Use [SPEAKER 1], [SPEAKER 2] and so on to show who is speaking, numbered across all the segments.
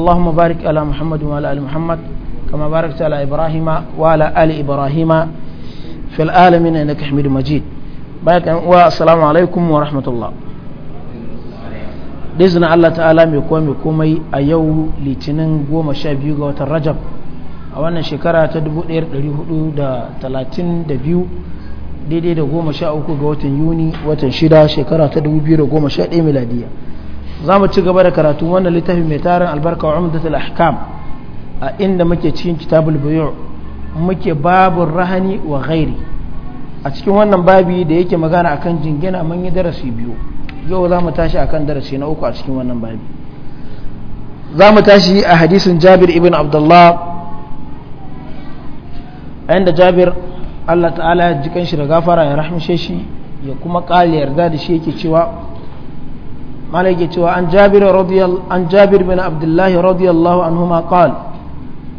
[SPEAKER 1] اللهم بارك على محمد وعلى آل محمد كما باركت على إبراهيم وعلى آل إبراهيم في العالمين إنك حميد مجيد بارك والسلام عليكم ورحمة الله da izinin Allah ta'ala mai komai mai komai a yau litinin goma sha biyu ga watan rajab a wannan shekara ta 1432 daidai da goma sha uku ga watan yuni watan shida shekara ta 2011 miladiya za mu ci gaba da karatu wannan littafi mai tarin albarka wa umdatul ahkam a inda muke cikin kitabul bayu muke babun rahani wa ghairi a cikin wannan babi da yake magana akan jingina mun yi darasi biyu yau za mu tashi akan darasi na uku a cikin wannan babi za mu tashi a hadisin jabir ibn abdullah inda jabir allah ta'ala ya ji kanshi da gafara ya rahmishe shi ya kuma ƙali yarda da shi yake cewa رضي الله عن جابر بن عبد الله رضي الله عنهما قال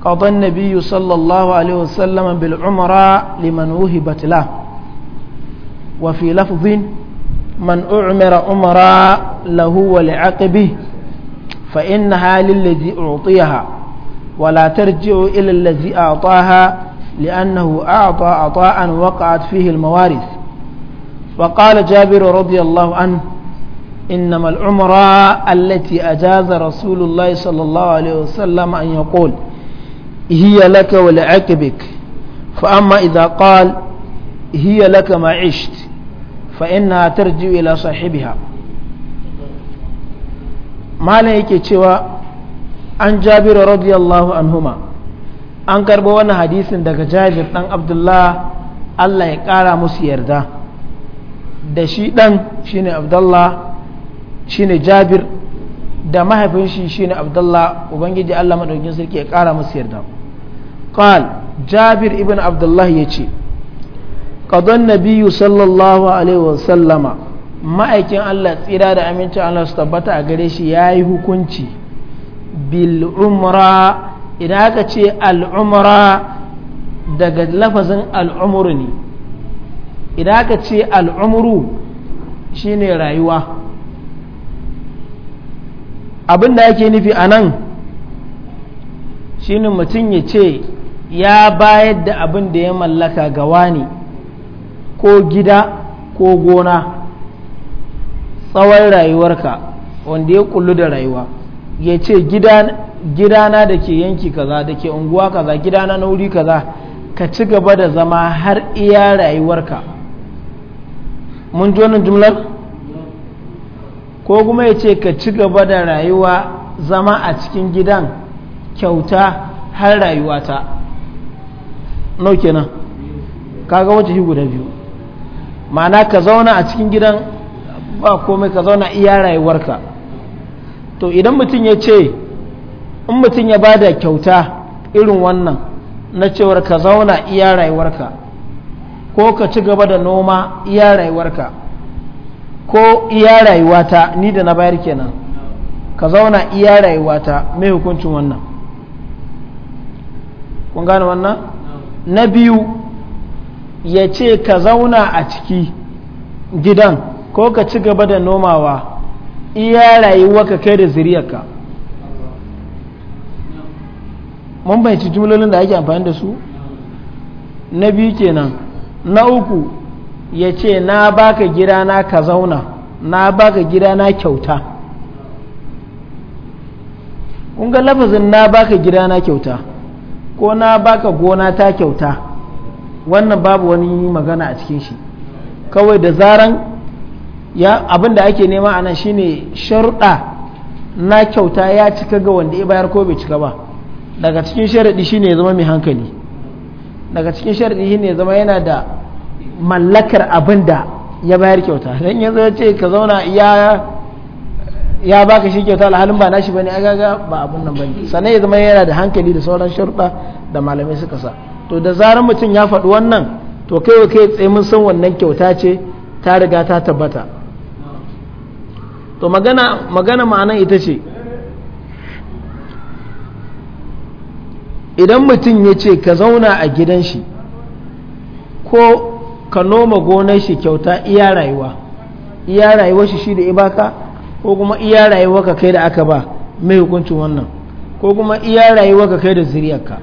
[SPEAKER 1] قضى النبي صلى الله عليه وسلم بالعمرة لمن وهبت له وفي لفظ من أعمر عمرا له ولعقبه فإنها للذي أعطيها ولا ترجع إلى الذي أعطاها لأنه أعطى عطاء وقعت فيه الموارث وقال جابر رضي الله عنه إنما العمرة التي أجاز رسول الله صلى الله عليه وسلم أن يقول هي لك ولعكبك فأما إذا قال هي لك ما عشت فإنها ترجع إلى صاحبها ما لك تشوى عن جابر رضي الله عنهما an karɓo wani hadisin daga jabir ɗan abdullah allah ya ƙara musu yarda da shi ɗan shine abdullah shine jabir da mahaifin shi shine abdullah ubangiji allah maɗaukin sarki ya ƙara musu yarda qal jabir ibn abdullah ya ce ƙadon nabiyu sallallahu alaihi wasallama ma'aikin allah tsira da amincin allah su tabbata a gare shi ya yi hukunci bil umra idan aka ce al'umra daga lafazin al'umru ne idan aka ce al'umru shine rayuwa abin da yake nufi a nan ne mutum ya ce ya bayar da abin da ya mallaka ga wani ko gida ko gona tsawon rayuwarka wanda ya kullu da rayuwa ya ce gidana da ke yanki kaza da ke unguwa kaza gidana na wuri kaza ka ci gaba da zama har iya rayuwarka mun ji wannan jumlar? ko kuma ya ce ka ci gaba da rayuwa zama a cikin gidan kyauta har rayuwa ta nau kenan kaga wata hi guda biyu ma'ana ka zauna a cikin gidan ba komai ka zauna iya rayuwarka to idan mutum ya ce in mutum ya bada kyauta irin wannan na cewar ka zauna iya rayuwarka ko ka ci gaba da noma iya rayuwarka ko iya rayuwata ni da na bayar kenan ka zauna iya rayuwata mai hukuncin wannan kun gane wannan na biyu ya ce ka zauna a ciki gidan ko ka ci gaba da nomawa iya rayuwa ka kai da zuriyarka mun bayanci jimlolin da ake amfani da su na biyu kenan na uku ya ce na baka gidana ka zauna na baka gidana kyauta ga lafazin na baka gidana kyauta ko na baka gona ta kyauta wannan babu wani magana a cikin shi kawai da zaran ya abin da ake nema a nan shine sharuɗa na kyauta ya cika ga wanda ya bayar ko bai cika ba daga cikin sharaɗi shine ya zama mai hankali daga cikin sharaɗi shine ya zama yana da mallakar abin da ya bayar kyauta don yanzu ya ce ka zauna ya ya baka shi kyauta alhalin ba nashi bane agaga ba abun nan bane sannan ya zama yana da hankali da sauran sharuɗa da malamai suka sa to da zarar mutum ya faɗi wannan to kai kai tsaye mun san wannan kyauta ce ta riga ta tabbata to magana magana ma'ana ita ce idan mutum ya ce ka zauna a gidan shi ko ka noma gonar shi kyauta iya rayuwa iya rayuwar shi shi da ibaka ko kuma iya rayuwa ka kai da aka ba mai hukuncin wannan ko kuma iya rayuwa ka kai da zuriyarka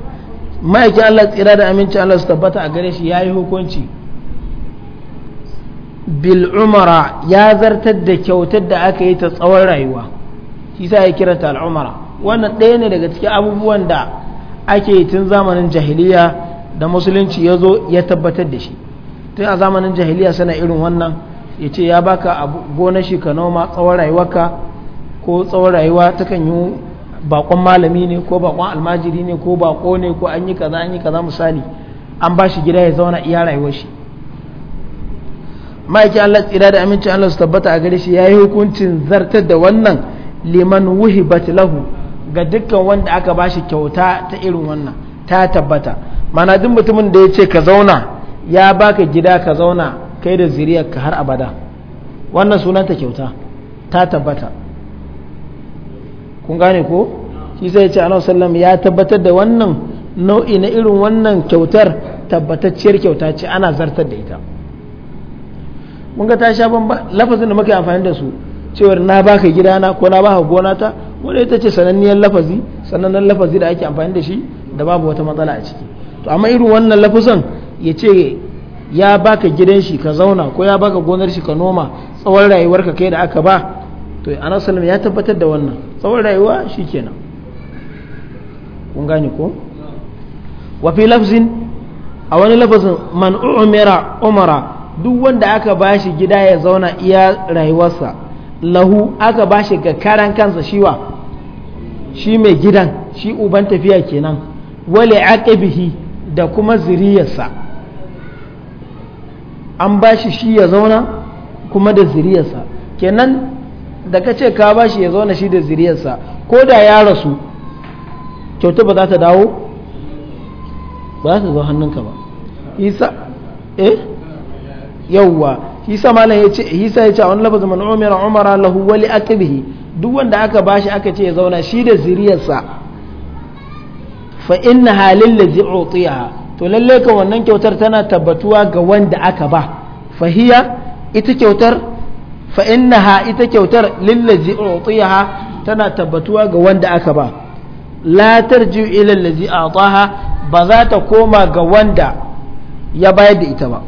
[SPEAKER 1] ma'aikin Allah tsira da aminci Allah su tabbata a gare shi yayi hukunci bil ya zartar da kyautar da aka yi ta tsawon rayuwa shi sa ya kira ta al wannan ɗaya ne daga cikin abubuwan da ake yi tun zamanin jahiliya da musulunci ya zo ya tabbatar da shi tun a zamanin jahiliya sana irin wannan ya ce ya baka gonar shi ka noma tsawon rayuwarka ko tsawon rayuwa ta kan yi bakon malami ne ko bakon almajiri ne ko bako ne ko an yi kaza an yi kaza misali an ba shi gida ya zauna iya rayuwar shi ma'aikin Allah tsira da aminci Allah su tabbata a gare shi ya yi hukuncin zartar da wannan liman wuhi batilahu ga dukkan wanda aka ba shi kyauta ta irin wannan ta tabbata mana duk mutumin da ya ce ka zauna ya baka gida ka zauna kai da zuriyarka har abada wannan sunanta kyauta ta tabbata kun gane ko shi sai ya ce annabi sallam ya tabbatar da wannan nau'i na irin wannan kyautar tabbatacciyar kyauta ce ana zartar da ita mun ga ta sha bamba lafazin da muka amfani da su cewar na baka gida na ko na baka gonata wanda ita ce sananniyar lafazi sanannen lafazi da ake amfani da shi da babu wata matsala a ciki to amma irin wannan lafazin ya ce ya baka gidan shi ka zauna ko ya baka gonar shi ka noma tsawon rayuwarka kai da aka ba to anas ya tabbatar da wannan tsawon rayuwa shikenan kun gane ko wa fi lafzin a wani lafazin man umira umara duk wanda aka ba shi gida ya zauna iya rayuwarsa lahu aka ba shi ga karan kansa shiwa shi mai gidan shi uban tafiya kenan wale aqibihi da kuma zuriyarsa an ba shi shi ya zauna kuma da zuriyarsa kenan da ka ce ka ba shi ya zauna shi da zuriyarsa ko da ya rasu kyauta ba za ta dawo ba za ta zo hannunka ba isa eh yawwa isa malam ya ce isa ya ce a wani lafazin man umar umar lahu wali atbihi duk wanda aka ba shi aka ce ya zauna shi da zuriyarsa fa inna da ladzi utiyaha to lalle ka wannan kyautar tana tabbatuwa ga wanda aka ba fahiya ita kyautar fa innaha ita kyautar lillazi utiha tana tabbatuwa ga wanda aka ba la tarji ila allazi ataha ba za ta koma ga wanda ya bayar da ita ba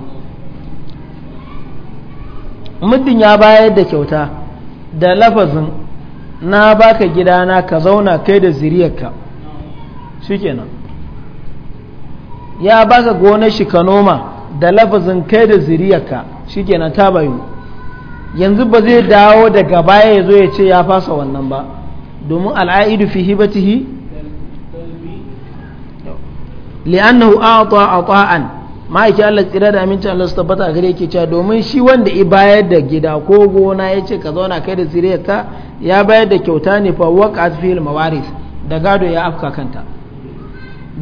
[SPEAKER 1] muddin ya bayar da kyauta da lafazin na baka gidana ka zauna kai da zuriyarka shikenan ya baka gonar shi ka noma da lafazin kai da zuriyarka shikenan ta bayu yanzu ba zai dawo daga baya ya zo ya ce ya fasa wannan ba domin al'aidu fi hibatihi li'annahu a'ta ata'an yake Allah tsira da aminci Allah su tabbata a gare yake cewa domin shi wanda i bayar da gida ko gona ya ce ka zauna kai da zuriyarka ya bayar da kyauta ne fa waqa'at fil mawaris da gado ya afka kanta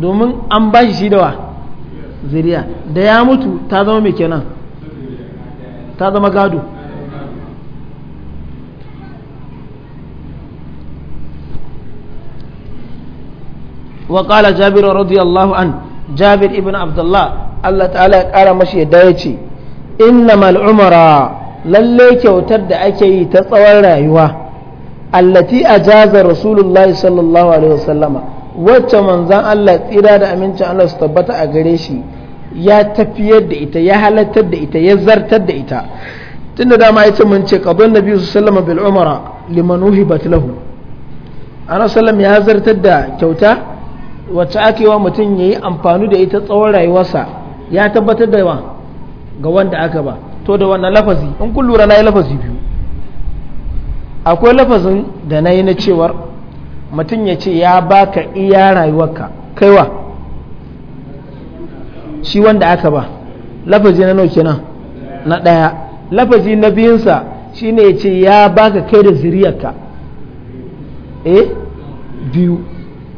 [SPEAKER 1] domin an bashi shi dawa zuriya da ya mutu ta zama mai kenan
[SPEAKER 2] ta zama gado
[SPEAKER 1] wa kala jabir radiyallahu an jabir ibn abdullah Allah ta'ala ya ƙara mashi ya ce inna mal'umara lallai kyautar da ake yi ta tsawon rayuwa allati a jaza rasulullahi sallallahu wacce manzan Allah tsira da amincin Allah su tabbata a gare shi ya tafiyar da ita ya halartar da ita ya zartar da ita tun da dama ya ce mun ce biyu nabi sallama bil umara liman uhibat lahu ana sallam ya zartar da kyauta wacce ake wa mutum ya yi amfani da ita tsawon rayuwarsa ya tabbatar da wa ga wanda aka ba to da wannan lafazi in kun lura na yi lafazi biyu akwai lafazin da na yi na cewar mutum ya ce ya baka iya rayuwarka kaiwa shi wanda aka ba lafazi na nauke kenan na ɗaya lafazi na biyunsa shi ne ya ce ya baka kai da ziriyarka eh biyu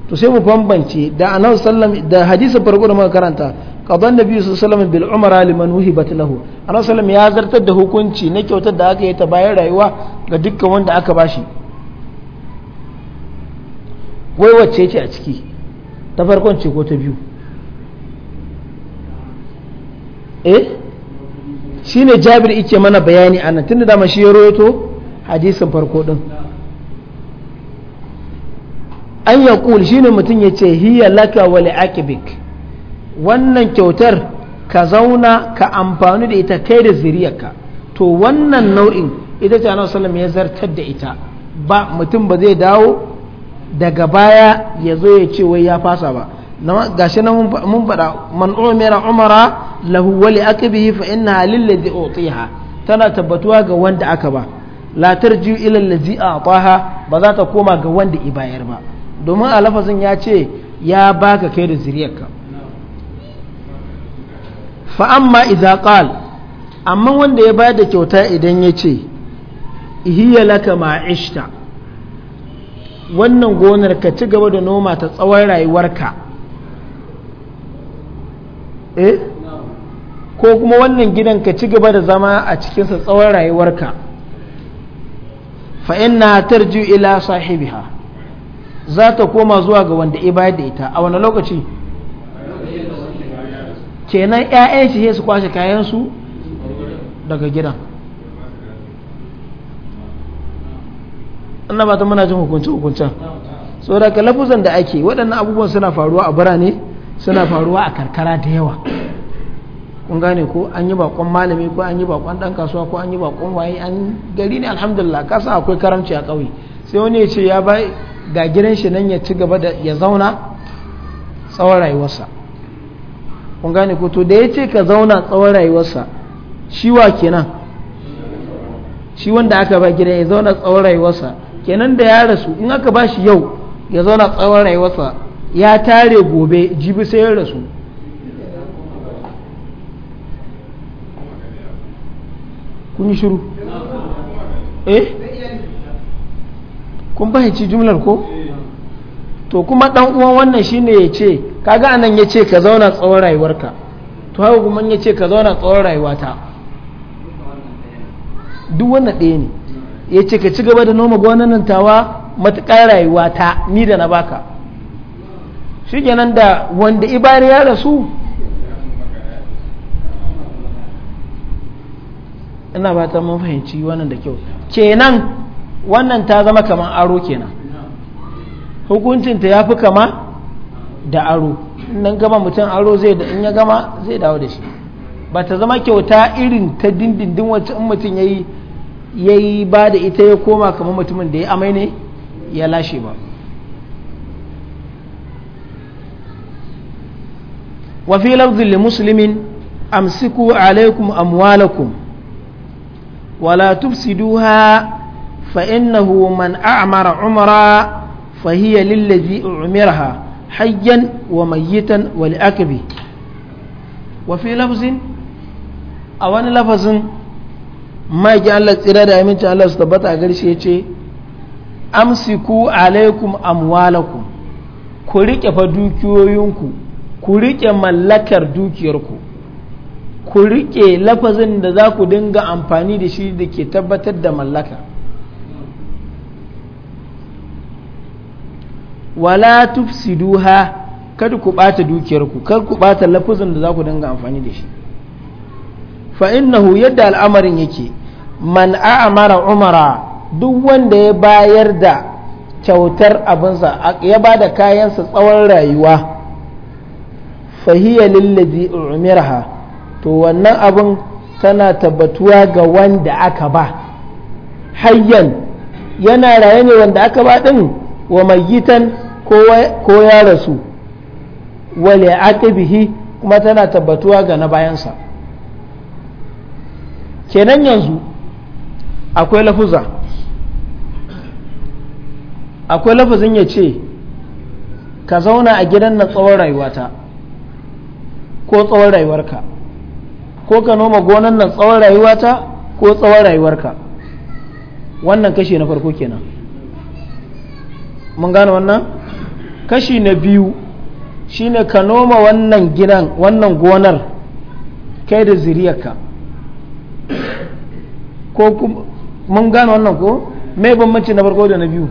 [SPEAKER 1] to sai mu bambance da anan sallam da hadisin farko da muka karanta qadan nabi sallallahu alaihi bil umara liman wuhibat lahu anan sallam ya zartar da hukunci na kyautar da aka yi ta bayan rayuwa ga dukkan wanda aka bashi wai wacce yake a ciki ta farkon ce ko ta biyu eh shi ne jabir ike mana bayani a nan tunda dama shi ya roto hadisin farko din an ya kul shi ne mutum ya ce hiya laka wa wannan kyautar ka zauna ka amfani da ita kai da ziriyarka to wannan nau'in ita ce annabi sallallahu ya zartar da ita ba mutum ba zai dawo daga baya ya zo ya ce wai ya fasa ba gashi na mun faɗa man umira umara lahu wali akbihi fa inna lillazi utiha tana tabbatuwa ga wanda aka ba la tarjiu ila allazi ataha ba za ta koma ga wanda i bayar ba domin a lafazin ya ce ya baka kai da zuriyarka fa amma idza qal amma wanda ya bayar da kyauta idan ya ce ihiya laka ma'ishta wannan gonar ka ci gaba da noma ta tsawon rayuwarka eh ko kuma wannan gidan ka ci gaba da zama a cikinsa tsawon rayuwarka na tarju ila sahibiha za ta koma zuwa ga wanda bayar da ita a wani lokaci kenan 'ya'yan shi su kwashe kayansu daga gidan ina ba ta muna jin hukunci hukuncen so daga lafuzan da ake waɗannan abubuwan suna faruwa a birane suna faruwa a karkara da yawa kun gane ko an yi bakon malami ko an yi bakon dan kasuwa ko an yi bakon waye an gari ne alhamdulillah kasa akwai karamci a ƙauye sai wani ya ce ya ba ga gidan shi nan ya ci gaba da ya zauna tsawon rayuwarsa kun gane ko to da ya ce ka zauna tsawon rayuwarsa shi wa kenan shi wanda aka ba gidan ya zauna tsawon rayuwarsa kenan da ya rasu in aka ba shi yau ya zauna
[SPEAKER 2] tsawon rayuwarsa
[SPEAKER 1] ya tare gobe jibi sai ya rasu kun yi shiru eh kun fahimci jumlar ko to kuma dan uwan wannan shine ya ce kaga anan ya ce ka zauna tsawon rayuwarka to haka kuma ya ce ka zauna tsawon rayuwata duk wannan ɗaya ne ya ce ka ci gaba da noma gonan tawa matuƙar rayuwa ta ni da na baka shi kenan da wanda ibari ya rasu ina ba ta mun fahimci wannan da kyau kenan wannan ta zama kamar aro kenan hukuncinta ya fi kama da aro nan gama mutum aro zai da in ya gama zai dawo da shi ba ta zama kyauta irin ta dindindin wacce in mutum ya yi ya yi ba da ita ya koma kamar mutumin da ya amai ne ya lashe ba lafzin fi lafzin muslimin amsiku alaikum amwalakum wala tufsiduha fa innahu man a'mara umara fa hiya lillazi umirha hayyan wa mayyitan wa li'akbi wa fi lafzin a wani lafazin maki Allah tsira da amincin Allah su tabbata a garshe ce amsiku alaikum amwalakum ku riƙe fa dukiyoyinku ku riƙe mallakar dukiyarku ku riƙe lafazin da za ku dinga amfani da shi da ke tabbatar da mallaka wala tufsiduha kada ku ɓata dukiyarku kada ku ɓata lafazin da za ku dinga amfani da shi fa innahu yadda al'amarin yake man a'mara umara duk wanda ya bayar da kyautar abinsa ya ba da kayansa tsawon rayuwa fahiyya lillazi umirha to wannan abin tana tabbatuwa ga wanda aka ba hayyan yana raye ne wanda aka ba din wa gitan ko ya rasu wale bihi kuma tana tabbatuwa ga na bayansa kenan yanzu akwai lafuza akwai lafazin ya ce ka zauna a gidan na tsawon rayuwata ko tsawon rayuwarka ko ka noma gonan nan tsawon rayuwata ko tsawon rayuwarka wannan kashi na farko kenan mun gane wannan kashi na biyu shine ka noma wannan gidan wannan gonar kai da zuriyarka ko mun gane wannan ko mai bambanci na farko da na biyu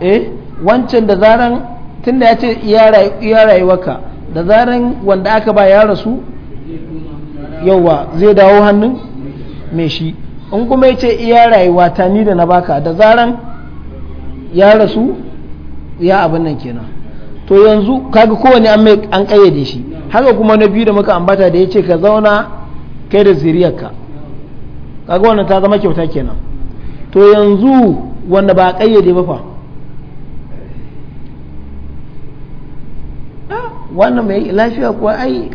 [SPEAKER 1] eh wancan da zaran tunda ya ce iya rayuwarka da zaran wanda aka ba ya rasu yauwa zai dawo hannun mai shi in kuma ya ce iya rayuwa ta ni da na baka da zaran ya rasu ya abin nan kenan to yanzu kaga kowane an kayyade shi haka kuma na biyu da muka ambata da ya ce ka zauna kai da zuriyarka kaga wannan ta zama kyauta kenan to yanzu wanda ba kayyade ba fa ah, wannan mai lafiya kuwa ai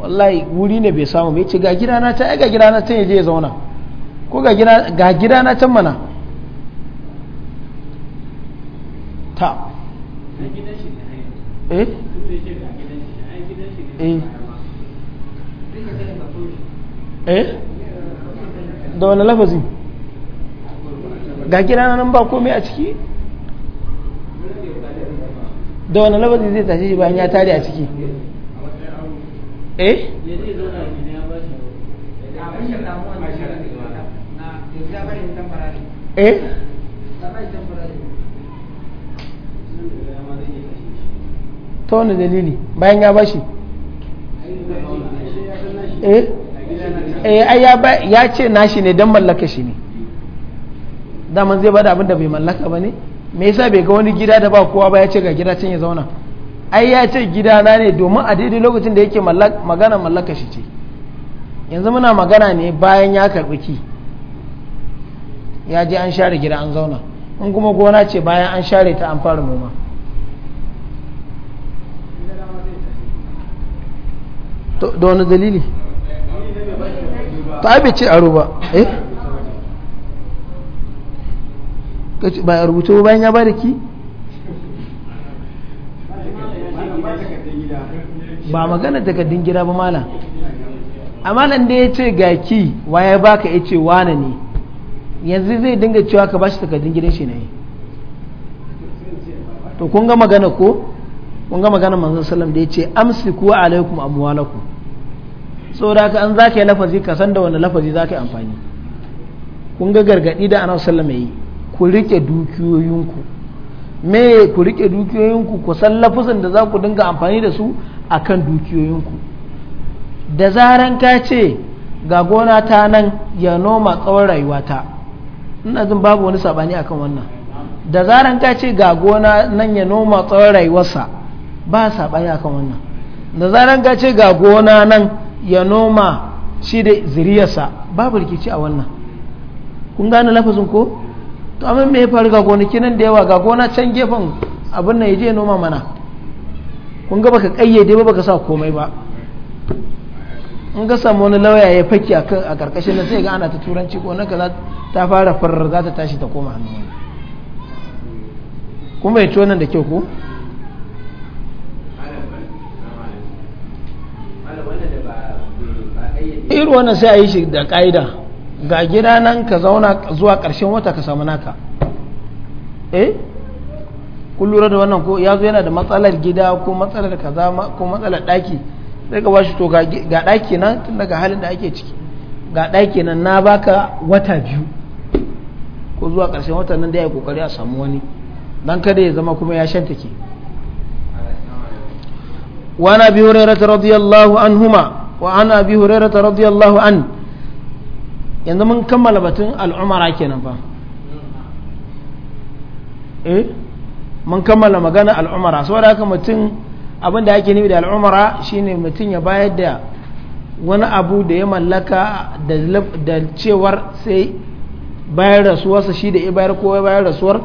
[SPEAKER 1] wallahi wuri ne bai samu bai ce ga gida na ta ai ga na ta yaje ya zauna ko ga gida na can mana
[SPEAKER 2] ta eh eh
[SPEAKER 1] eh da wani lafazi ga gida nan ba komai a ciki da wani lafazi zai tashi shi bayan ya tare a ciki
[SPEAKER 2] eh eh
[SPEAKER 1] ta wani dalili bayan ya bashi
[SPEAKER 2] eh eh ya ce nashi ne dan mallaka shi
[SPEAKER 1] ne daman zai bada abin da bai mallaka ba ne me yasa bai ga wani gida da ba kowa ba ya ce ga gida can ya zauna ai ya ce gida na ne domin a daidai lokacin da yake magana mallaka shi ce yanzu muna magana ne bayan ya karbi ki ya je an share gida an zauna in kuma gona ce bayan an share ta an fara noma da wani dalili
[SPEAKER 2] ta bai ce aro ba eh
[SPEAKER 1] ba a rubuta bayan ya ba da ki ba magana takardun gida ba malam amalan da ya ce ga ki ya baka ya ce wane ne yanzu zai dinga cewa ka bashi takardun gidan shi ne to kun ga magana ko kun ga magana manzon sallam da ya ce amsiku alaikum amwalakum saboda ka an zaka yi lafazi ka san da wani lafazi zaka yi amfani kun ga gargadi da annabi sallallahu alaihi ku rike dukiyoyinku me ku rike dukiyoyinku ku san lafazin da za ku dinga amfani da su akan dukiyoyinku da zaran ka ce ga gona ta nan ya noma tsawon rayuwata ina jin babu wani sabani akan wannan da zaran ka ce ga gona nan ya noma tsawon rayuwarsa ba sabani akan wannan da zaran ka ce ga gona nan ya noma shi da ziriyarsa babu rikici a wannan kun gane lafazin ko to amma me ya faru ga gonaki nan da yawa ga gona can gefen abin nan ya je noma mana kun ga baka kayyade ba baka sa komai ba in ga samu wani lauya ya faki a karkashin nan sai ga ana ta turanci ko na kaza ta fara farar za ta tashi ta koma hannu kuma ya ci wannan da kyau ko
[SPEAKER 2] iri wannan sai a yi
[SPEAKER 1] shi da ƙa'ida ga gida nan ka zauna zuwa ƙarshen wata ka samu naka eh kun lura da wannan ko ya zo yana da matsalar gida ko matsalar kaza ko matsalar ɗaki sai ka bashi to ga ɗaki nan tun daga halin da ake ciki ga ɗaki nan na baka wata biyu ko zuwa ƙarshen wata nan da ya kokari a samu wani dan kada ya zama kuma ya shanta ke wani bi hurairah radiyallahu anhuma wa an abi ta radiyallahu an yanzu mun kammala batun al'umara kenan ba eh mun kammala magana al'umara saboda haka mutum abin da ake nufi da al'umara shine mutum ya bayar da wani abu da ya mallaka da cewar sai bayar rasuwarsa shi da ya bayar ko ya bayar suwar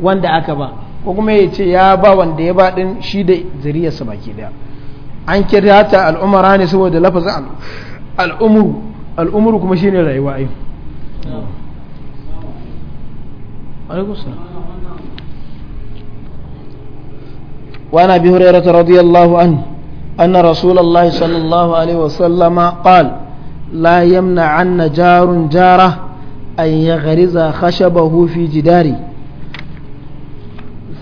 [SPEAKER 1] wanda aka ba ko kuma ya ce ya ba wanda ya ba din shi da zariyarsa baki daya an kira ta al'umara ne saboda lafazin al'umuru al'umuru kuma shine rayuwa ai وعن ابي هريره رضي الله عنه ان رسول الله صلى الله عليه وسلم قال لا يمنعن جار جاره ان يغرز خشبه في جداري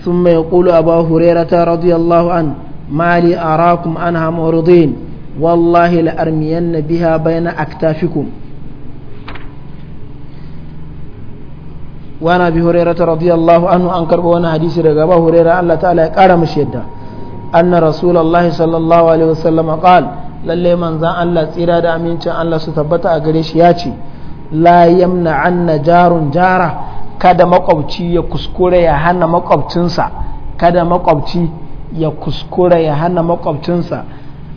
[SPEAKER 1] ثم يقول ابا هريره رضي الله عنه ما لي أراكم عنها معرضين والله لأرمين بها بين أكتافكم وأنا أبي هريرة رضي الله عنه أنكر وأنا حديث رقابة هريرة الله تعالى قال مشيدا أن رسول الله صلى الله عليه وسلم قال lalle manzan Allah tsira da amincin Allah su tabbata a gare shi ya ce la yamna anna jarun jara kada makwabci ya kuskure ya hana makwabcinsa kada makwabci ya kuskura ya hana makwabcinsa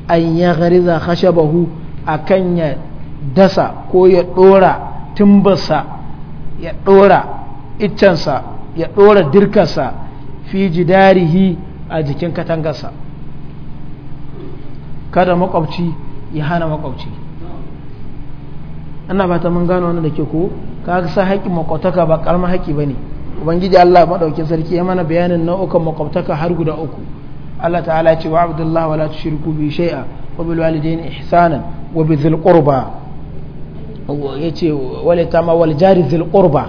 [SPEAKER 1] an ya gariza a akan ya dasa ko ya ɗora timbarsa ya ɗora iccensa ya ɗora dirkarsa fi darihi a jikin katangarsa kada makwabci ya hana makwabci ana ba ta mun gano wani da ke ko ka sa haƙƙin makwabtaka ba ƙarma haƙƙi ba ne ubangiji allah maɗaukin sarki ya mana bayanin nau'ukan makwabtaka har guda uku Allah ta'ala ce wa abdullah wa la tushriku bi shay'a wa bil walidayni ihsanan wa bi dhil qurba yace wal tama wal jari dhil qurba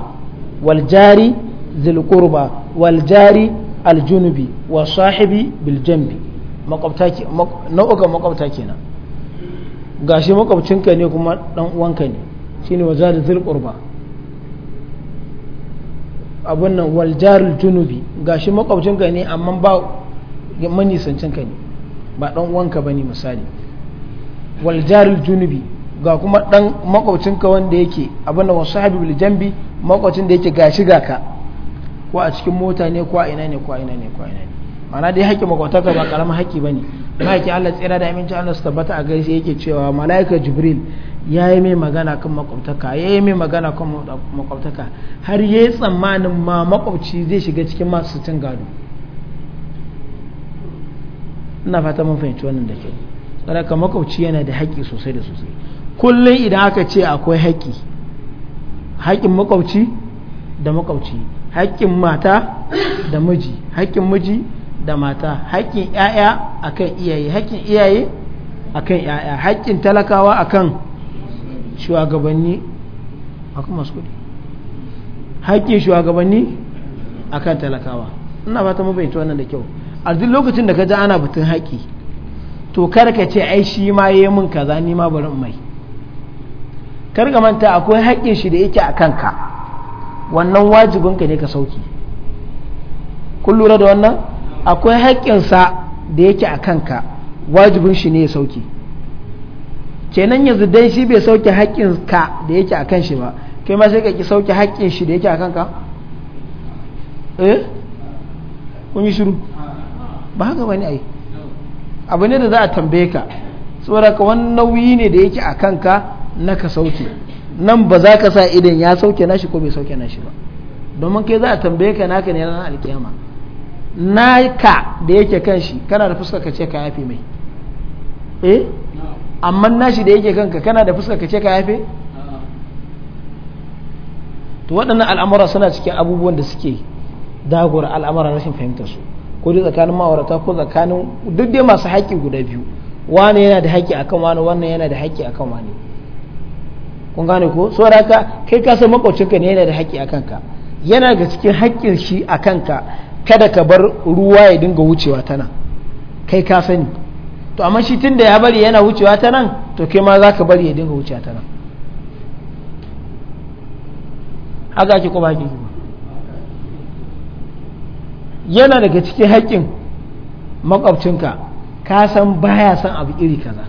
[SPEAKER 1] wal jari dhil qurba wal jari al junubi wa sahibi bil janbi makwabta nau'uka makwabta kenan gashi makwabcinka ne kuma dan uwanka ne shine wa jari dhil qurba abun nan wal jari al junubi gashi makwabcinka ne amma ba manisancin ka ne ba dan uwanka bane misali wal jaril junubi ga kuma dan ka wanda yake abin da wasu habibul jambi da yake gashi ga ka ko a cikin mota ne ko a ina ne ko a ina ne ko a ina ne mana dai haƙƙin makwabtaka ba karamin haƙƙi bane ma'aikin Allah tsira da aminci Allah su tabbata a gaishe yake cewa mala'ika Jibril ya yi mai magana kan makwabtaka ya yi mai magana kan makwabtaka har ya yi tsammanin ma makwabci zai shiga cikin masu cin gado ina fata mun fahimci wannan da kyau saboda makauci yana da haƙƙi sosai da sosai kullum idan aka ce akwai haƙƙi haƙƙin makauci da makauci haƙƙin mata da miji haƙƙin miji da mata haƙƙin ƴaƴa akan iyaye haƙƙin iyaye akan ƴaƴa haƙƙin talakawa akan shugabanni akan masu kudi haƙƙin shugabanni akan talakawa ina fata fahimci wannan da kyau a duk lokacin da ka ji ana batun haƙi to karka ka ce ai shi ma ya yi min kaza ni ma bari mai kar ka manta akwai haƙƙin shi da yake a kanka wannan wajibinka ne ka sauki kun lura da wannan akwai haƙƙinsa da yake a kanka wajibin shi ne ya sauki kenan yanzu dai shi bai sauke haƙƙin ka da yake a kan shi ba kai ma sai ka ki sauke haƙƙin shi da yake a kanka eh kun yi shiru ba haka ne ai abu ne da za a tambaye ka saboda ka wani nauyi ne da yake a kanka na ka sauke nan ba za ka sa idan ya sauke nashi ko bai sauke nashi ba domin kai za a tambaye ka naka ne ranar alkiyama ka da yake kan shi kana da fuska ka ce ka yafe mai eh amma nashi da yake kanka kana da fuska ka ce ka yafe to waɗannan al'amura suna cikin abubuwan da suke dagora al'amura rashin fahimtar su ko dai tsakanin ma'aurata ko tsakanin duk dai masu haƙƙi guda biyu wani yana da haƙƙi akan wani wannan yana da haƙƙi akan wani kun gane ko saboda haka kai ka san makwabcinka ne yana da haƙƙi akan ka yana ga cikin haƙƙin shi akan ka kada ka bar ruwa ya dinga wucewa ta nan kai ka sani to amma shi tunda ya bari yana wucewa ta nan to kai ma za ka bari ya dinga wucewa ta nan haka ake kuma haƙƙi ake yana daga cikin haƙƙin makwabcinka ka san baya san abu iri kaza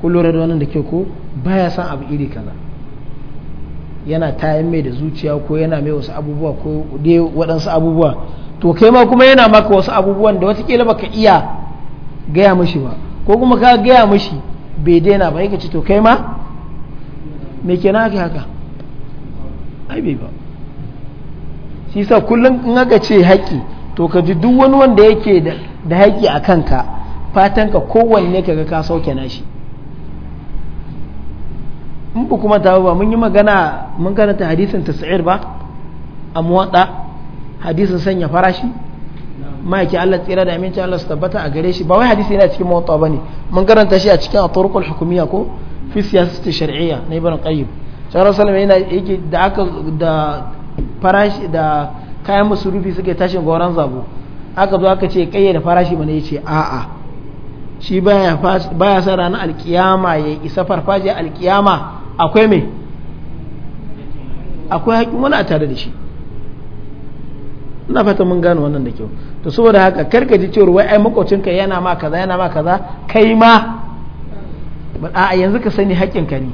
[SPEAKER 1] ku lura da wannan da ke ko baya san abu iri kaza yana tayan mai da zuciya ko yana mai wasu abubuwa ko dai waɗansu abubuwa to kai ma kuma yana maka wasu abubuwan da watakila baka iya gaya mashi ba ko kuma ka gaya mashi bai daina ba yake ce to kai ma me kenan haka haka ai bai ba shi sa kullum in aka ce haƙƙi to ka ji duk wani wanda yake da haƙƙi a kanka fatan ka kowanne ka ga ka sauke nashi in ku kuma ta ba mun yi magana mun karanta hadisin tasir ba a muwaɗa hadisin sanya farashi ma'aiki Allah tsira da aminci Allah su tabbata a gare shi ba wai hadisi yana cikin mawata ba ne mun karanta shi a cikin a turkul hukumiya ko fi ta shari'iyya na ibn qayyim sallallahu alaihi wasallam yana yake da aka da farashi da kayan masurufi suke tashin goron zabo aka zo aka ce kayyade farashi mana ya ce a'a shi baya sa ranar alkiyama ya isa farfajiyar alkiyama akwai me akwai haƙin wani a tare da shi ina fata mun gano wannan da kyau to saboda haka karka ji cewa wai ai makocinka yana ma kaza yana ma kaza kai ma a yanzu ka sani haƙƙinka ne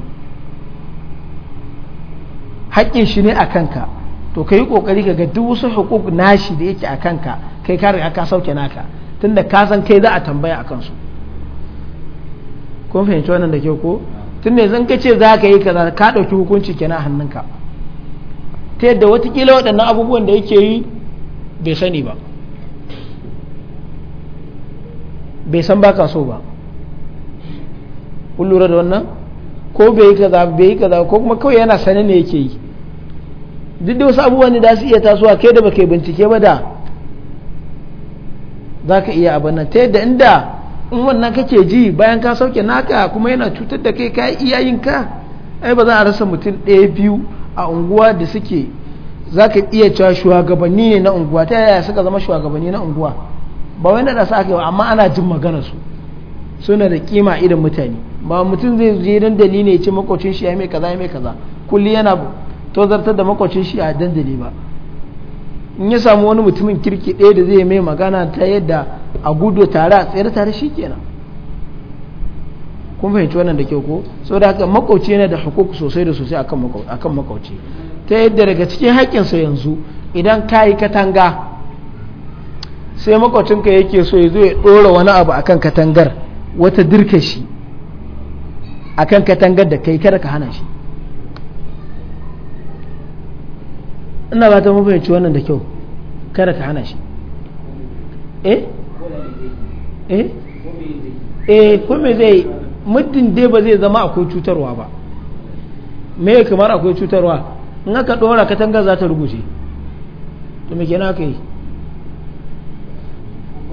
[SPEAKER 1] haƙƙin shi ne a kanka to ka yi kokari ka ga duk wasu hukuk nashi da yake a kanka kai ka riga ka sauke naka tunda ka san kai za a tambaya a kansu kun fahimci wannan da ke ko tun ne zan kace za ka yi kaza ka ɗauki hukunci kenan hannunka ta yadda watakila waɗannan abubuwan da yake yi bai sani ba bai san ba ka so ba kun lura da wannan ko bai yi kaza bai yi kaza ko kuma kawai yana sane ne yake yi duk da wasu abubuwa ne da su iya tasowa kai da bakai bincike ba da za ka iya abin nan ta yadda inda in wannan kake ji bayan ka sauke naka kuma yana cutar da kai ka iya ka ai ba za a rasa mutum ɗaya biyu a unguwa da suke za ka iya cewa shugabanni ne na unguwa ta yaya suka zama shugabanni na unguwa ba wai da sa aka yi amma ana jin magana su suna da kima idan mutane ba mutum zai je don dalili ya ce makocin shi ya mai kaza ya mai kaza kulli yana zartar da makwacin shi a dandali ba in ya samu wani mutumin kirki ɗaya da zai mai magana ta yadda a gudu tare a tsere tare shi kenan kun fahimci wannan da kyau ko sau da haka makwauci yana da hukuku sosai da sosai a kan makwauci ta yadda daga cikin haƙƙinsa yanzu idan ka yi katanga sai makwacinka yake so ya zo ya ɗora wani abu akan katangar wata dirka shi akan katangar da kai kada ka hana shi ina ba ta mun wannan da kyau kada ka hana shi eh eh eh ko me zai muddin dai ba zai zama akwai cutarwa ba me kamar akwai cutarwa in aka dora katanga za ta rubuce to me kenan aka yi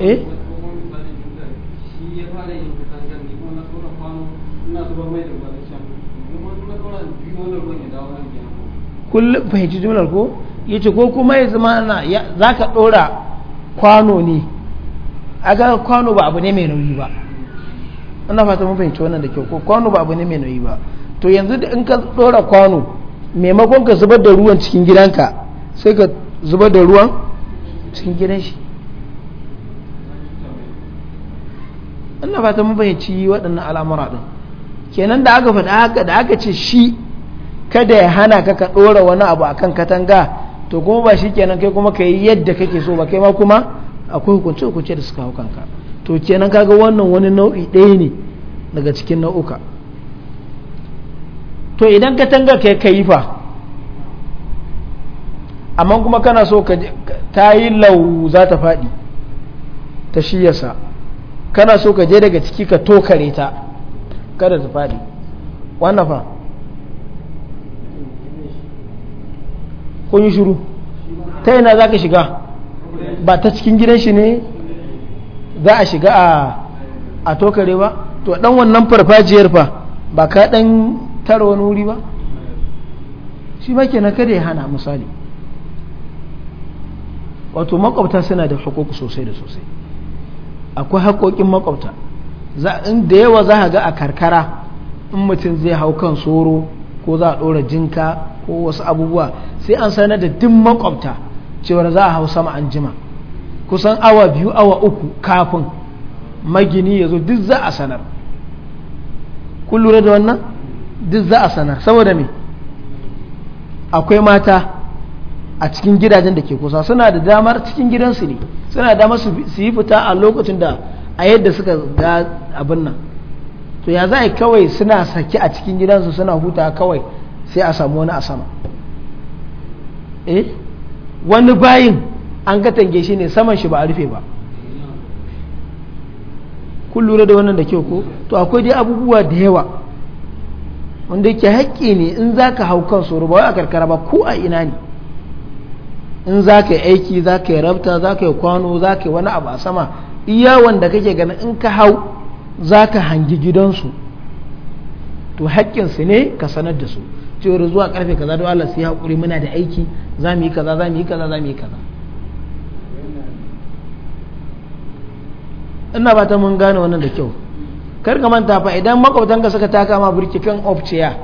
[SPEAKER 1] eh kullum fahimci jimlar ko ya ce ko kuma ya zama na za ka ɗora kwano ne a ga kwano ba abu ne mai nauyi ba ina fata mun fahimci wannan da kyau ko kwano ba abu ne mai nauyi ba to yanzu da in ka ɗora kwano maimakon ka zubar da ruwan cikin gidanka sai ka zubar da ruwan cikin gidan shi ina fata mun fahimci waɗannan al'amura ɗin kenan da aka faɗa haka da aka ce shi kada ya hana ka ka ɗora wani abu akan katanga to kuma ba shi kenan kai kuma ka yi yadda kake so ba kai ma kuma akwai hukunce hukunce da suka hau kanka to kenan kaga wannan wani nau'i ɗaya ne daga cikin nau'uka to idan ka tanga kai kai fa amma kuma kana so ka ta yi lau za ta faɗi ta shiyasa kana so ka je daga ciki ka tokare ta kada ta faɗi wannan fa kun yi shuru ta yana za ka shiga ba ta cikin gidan shi ne za a shiga a tokare ba to dan wannan farfajiyar fa ba ka dan tara wani wuri ba shi ma kenan kada ya hana misali wato makwabta suna da hukuku sosai da sosai akwai haƙoƙin makwabta da yawa za a ga a karkara in mutum zai hau kan soro ko za a ɗora jinka ko wasu abubuwa sai an sanar da duk makwabta cewar za a hau sama an jima kusan awa biyu awa uku kafin magini ya zo duk za a sanar kun lura da wannan duk za a sanar saboda me akwai mata a cikin gidajen da ke kusa suna da damar cikin gidansu ne suna damar su yi fita a lokacin da a yadda suka ga abin nan to ya za a kawai suna sake a cikin gidansu suna huta kawai sai a samu wani a sama eh wani bayin an ga tange shi ne saman shi ba a rufe ba kun lura da wannan da kyau ko to akwai dai abubuwa da yawa wanda yake haƙƙi ne in za ka hau kan su rubawa a karkara ba ko a ina ne in za ka yi aiki za ka yi rabta za ka yi kwano za ka yi wani abu a sama iya wanda kake ganin in ka hau za ka hangi gidansu to haƙƙinsu ne ka sanar da su cewar zuwa karfe kaza da Allah su yi haƙuri muna da aiki za mu yi kaza za mu yi kaza za mu yi kaza ina ba ta mun gane wannan da kyau kar ka manta fa idan ka suka taka ma birkikan ofciya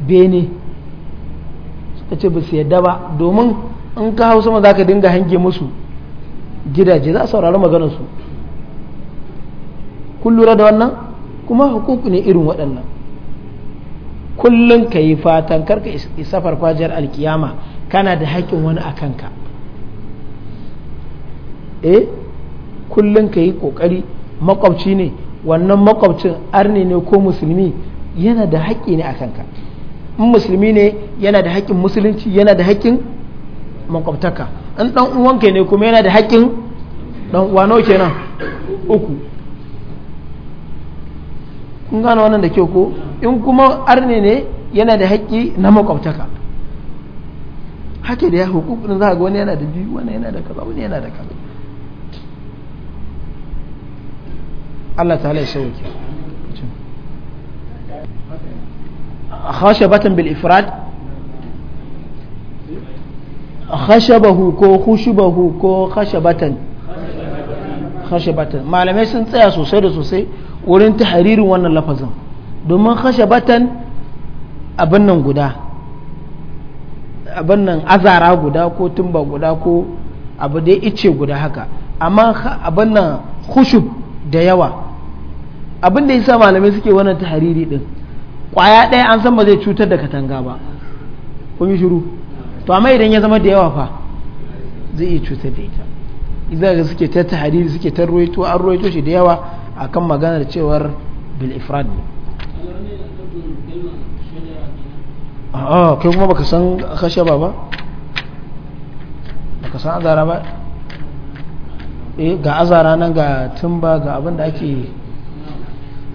[SPEAKER 1] bene suka ce ba su yadda ba domin in ka hau sama za ka dinga hange musu gidaje za a saurari maganar su kun lura da wannan kuma hukuku ne irin waɗannan kullum ka yi fatan karka isa farfajiyar alkiyama kana da haƙƙin wani a kanka e kullum ka yi ƙoƙari makwabci ne wannan makwabcin arne ne ko musulmi yana da haƙƙi ne a kanka in musulmi ne yana da haƙƙin musulunci yana da haƙƙin makwabtaka in ɗan uwanka ne kuma yana da haƙƙin ɗan uwano kenan uku kun gane wannan da kyau ko in kuma arne ne yana da haƙƙi na makwabtaka haka da ya hukuk din za ga wani yana da biyu wani yana da kaza wani yana da kaza Allah ta ta'ala ya sauke
[SPEAKER 2] khashabatan bil ifrad
[SPEAKER 1] khashabahu ko khushubahu ko khashabatan khashabatan malamai sun tsaya sosai da sosai wurin tahririn wannan lafazin domin khashabatan abin nan guda abin nan azara guda ko tumba guda ko abu dai ice guda haka amma abin nan khushub da yawa abin da yasa malamai suke wannan tahariri din kwaya ɗaya an san ba zai cutar da katanga ba kun yi shiru to amma idan ya zama da yawa fa zai iya cutar da ita idan ga suke ta tahariri suke ta ruwaito an ruwaito shi da yawa akan maganar cewar bil ifrad ne a kai kuma baka san kashe ba ba baka san azara ba eh ga azara nan ga ba ga abin da ake yi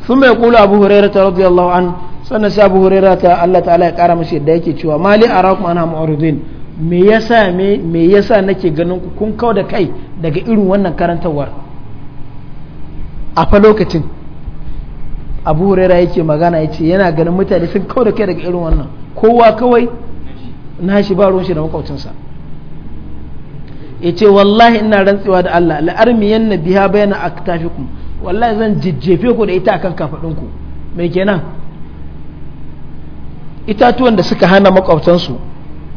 [SPEAKER 1] sun mai kula abu hurairu ta radiyallahu an sannan sai abu hurairu ta Allah ta'ala ya kara mashi yadda yake cewa mali rakun ana mu'ridin me yasa me me yasa nake ganin ku kun kau da kai daga irin wannan karantarwar a fa lokacin abu huraira yake magana ya ce yana ganin mutane sun kawo da kai daga irin wannan kowa kawai na shi ba ruwan shi da makwabcinsa ya ce wallahi ina rantsewa da Allah la'armiyan na biya bayana a tafikun wallahi zan jijjefe ku da ita akan kafaɗinku mai kenan itatuwan da suka hana makwabtansu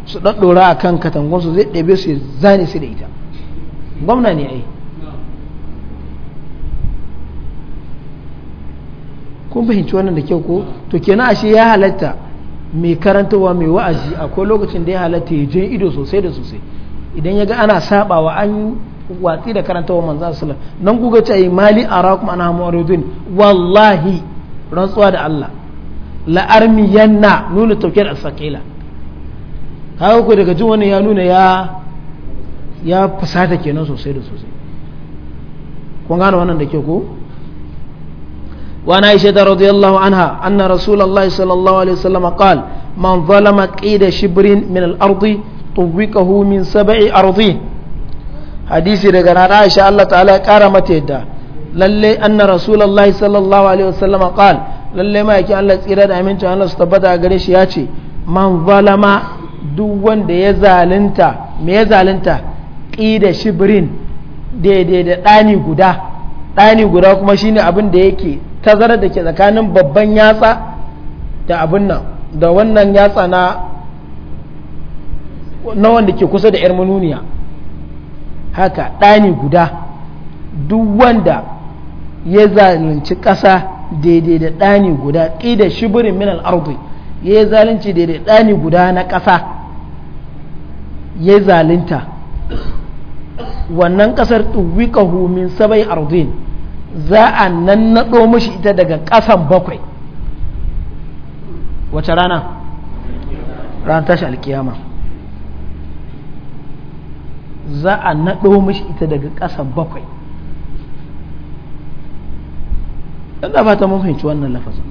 [SPEAKER 1] su ɗaɗɗora a kan katangonsu zai ɗebe su ya zane su da ita gwamna ne ai kun fahimci wannan da kyau ko to kenan ashe ya halatta mai karantawa mai wa'azi akwai lokacin da ya halatta ya je ido sosai da sosai idan ya ga ana sabawa an watsi da karantawa manzo sallallahu alaihi nan kuga ce mali arakum ana mu'ridun wallahi rantsuwa da Allah la armiyanna nuna tawkir as-saqila kawo ku daga jin wannan ya nuna ya ya fusata kenan sosai da sosai kun gane wannan da kyau ko وعن عائشة رضي الله عنها أن رسول الله صلى الله عليه وسلم قال من ظلم قيد شبر من الأرض طوقه من سبع أرضين حديث رجعنا عائشة الله تعالى كرمت يدا lalle anna rasulullahi sallallahu alaihi wasallam qal lalle ma yake Allah tsira da aminci Allah su tabbata a gare shi ya ce man zalama duk wanda ya zalunta me ya zalunta qida shibrin daidai da dani guda dani guda kuma shine abin da yake tazarar da ke tsakanin babban yatsa da abin nan da wannan yatsa na na wanda ke kusa da 'yar manuniya haka ɗani guda duk wanda ya zalunci ƙasa daidai da ɗani guda ƙida shibirin minal ardi ya yi zalunci daidai ɗani guda na ƙasa ya zalunta wannan ƙasar ɗuwi min sabai ardin za a nannaɗo mashi ita daga ƙasan bakwai wace rana Rana tashi alkiyama za a naɗo mashi ita daga ƙasan bakwai
[SPEAKER 2] ɗan ba ta fahimci wannan lafazin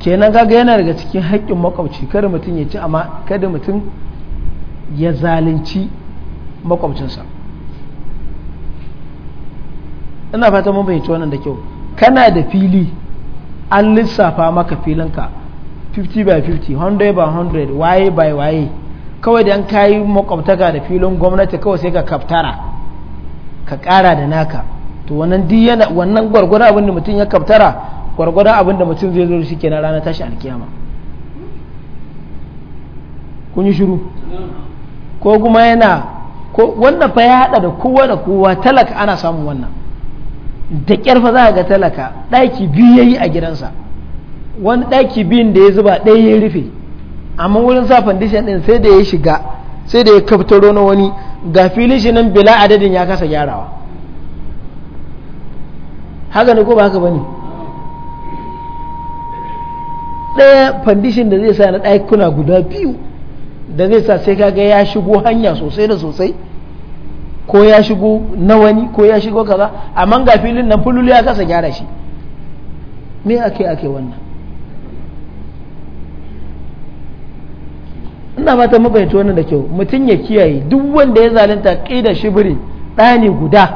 [SPEAKER 1] kenan gaga yana daga cikin haƙƙin makwabci kada mutum ya ci amma kada mutum ya zalunci makwabcinsa ina fata mun fahimci wannan da kyau kana da fili an lissafa maka filinka 50 by 50 100 by 100 waye by waye kawai da an kayi makwabtaka da filin gwamnati kawai sai ka kaftara ka kara da naka to wannan duk yana wannan gwargwadon abin da mutum ya kaftara gwargwadon abin da mutum zai zo shi kenan ranar tashi alkiyama kun yi shiru ko kuma yana wannan fa ya hada da kowa da kowa talaka ana samun wannan da ƙyarfa za a ga talaka ɗaki biyu ya yi a gidansa wani ɗaki biyun da ya zuba ɗaya ya rufe amma wurin sa fandishan ɗin sai da ya shiga sai da ya kaftaro na wani ga filin shi nan bila adadin ya kasa gyarawa haka ne ko ba haka ba ɗaya fandishin da zai sa na ɗakuna guda biyu da zai sa sai kaga ya shigo hanya sosai da sosai ko ya shigo na wani ko ya shigo kaza amma ga filin nan fululu ya kasa gyara shi me ake ake wannan ina ba ta mabayyanci wannan da kyau mutum ya kiyaye duk wanda ya zalunta ƙida shibiri ɗani guda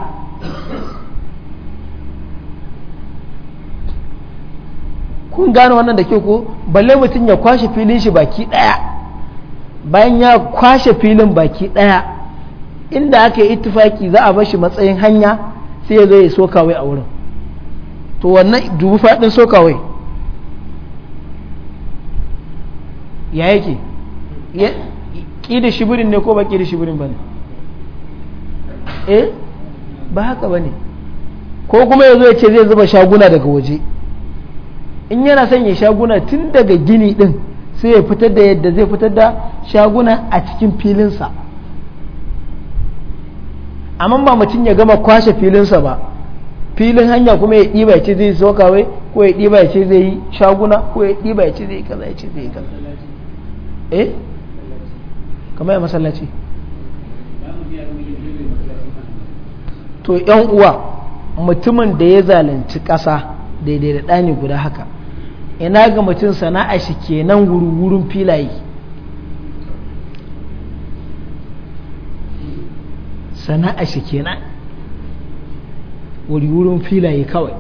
[SPEAKER 1] kun gano wannan da kyau ko balle mutum ya kwashe filin shi baki ɗaya bayan ya kwashe filin baki ɗaya inda aka yi ittifaki za a bashi matsayin hanya sai ya zo ya sokawai a wurin to wannan dubu faɗin sokawai ya yake ƙi da shibirin ne ko ba ƙi da shibirin ba ne eh ba haka ba ne ko kuma ya zo ya ce zai zuba shaguna daga waje in yana son ya shaguna tun daga gini ɗin sai ya fitar da yadda zai fitar da shaguna a cikin filinsa amma ba mutum ya gama kwashe filinsa ba filin hanya kuma ya ɗiba ya ce zai so kawai ko ya ɗiba ya ce zai yi shaguna ko ya ɗiba ya ce zai kaza ya ce zai yi kaza eh kamar ya masallaci to yan uwa mutumin da ya zalunci ƙasa daidai da ɗani guda haka ina ga mutum sana'a shi kenan wurin filaye sana'a shi kenan wuri wurin filaye kawai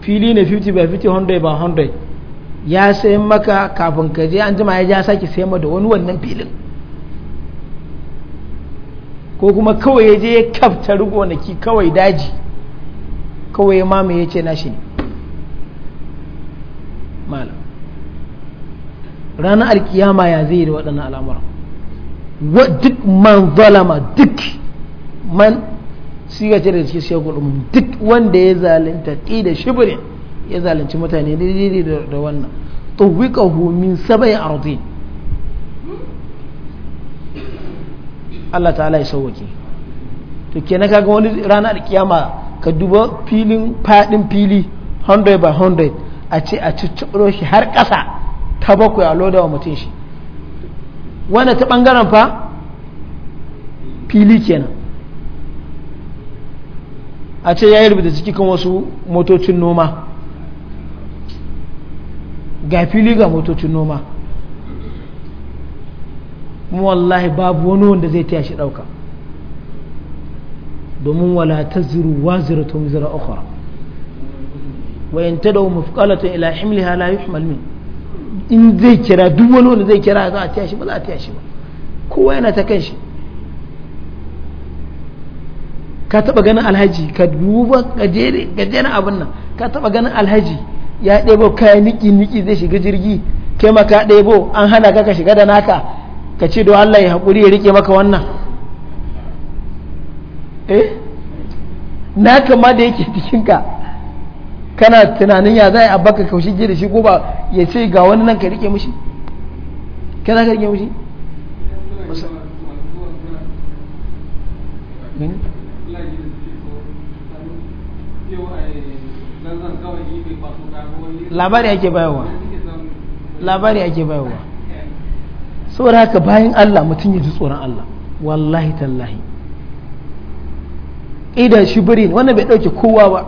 [SPEAKER 1] fili ne 50 by 50 100 by 100 ya sayan maka kafin ka je an jima ya ja sake sayan ma da wani wannan filin ko kuma kawai ya je ya kafta rigonaki kawai daji kawai ya mamaye ya ce nashi ne malam ranar alkiyama ya zai da waɗannan al'amuran duk man zalama duk man siga da cikin shekul umumi duk wanda ya zalunta ƙi da shibirin ya zalunci mutane daidai da wannan tawwiqahu min ya ardin Allah ta'ala ya sauwake to kenan kaga wani rana da kiyama ka duba filin fadin fili 100 by 100 a ce a cicciro shi har ƙasa ta bakwai a loda wa mutum shi wanda ta ɓangaren fa fili kenan a ce ya yi rubuta ciki kan wasu motocin noma ga fili ga motocin noma mu wallahi babu wani wanda zai taya shi ɗauka domin wala ta ziru wa ukhra wa in ila himliha la yuhmal min in zai kira duk wani wanda zai kira za a taya shi ba za a taya shi ba kowa yana ta kan ka taba ganin alhaji ka duba gajeren abin nan ka taba ganin alhaji ya ɗebo kayan niki niki zai shiga jirgi kai ma ɗebo an hana ka ka shiga da naka ka ce don Allah ya haƙuri ya rike maka wannan eh naka ma da yake cikinka kana tunanin ya za a baka kaushi je da shi ko ba ya ce ga wani nan ka rike mushi ka za ka rike mushi
[SPEAKER 2] hmm? labari ake bayarwa
[SPEAKER 1] labari ake bayarwa saboda haka bayan Allah mutum ya ji tsoron Allah wallahi tallahi idan shi biri wannan bai dauke kowa ba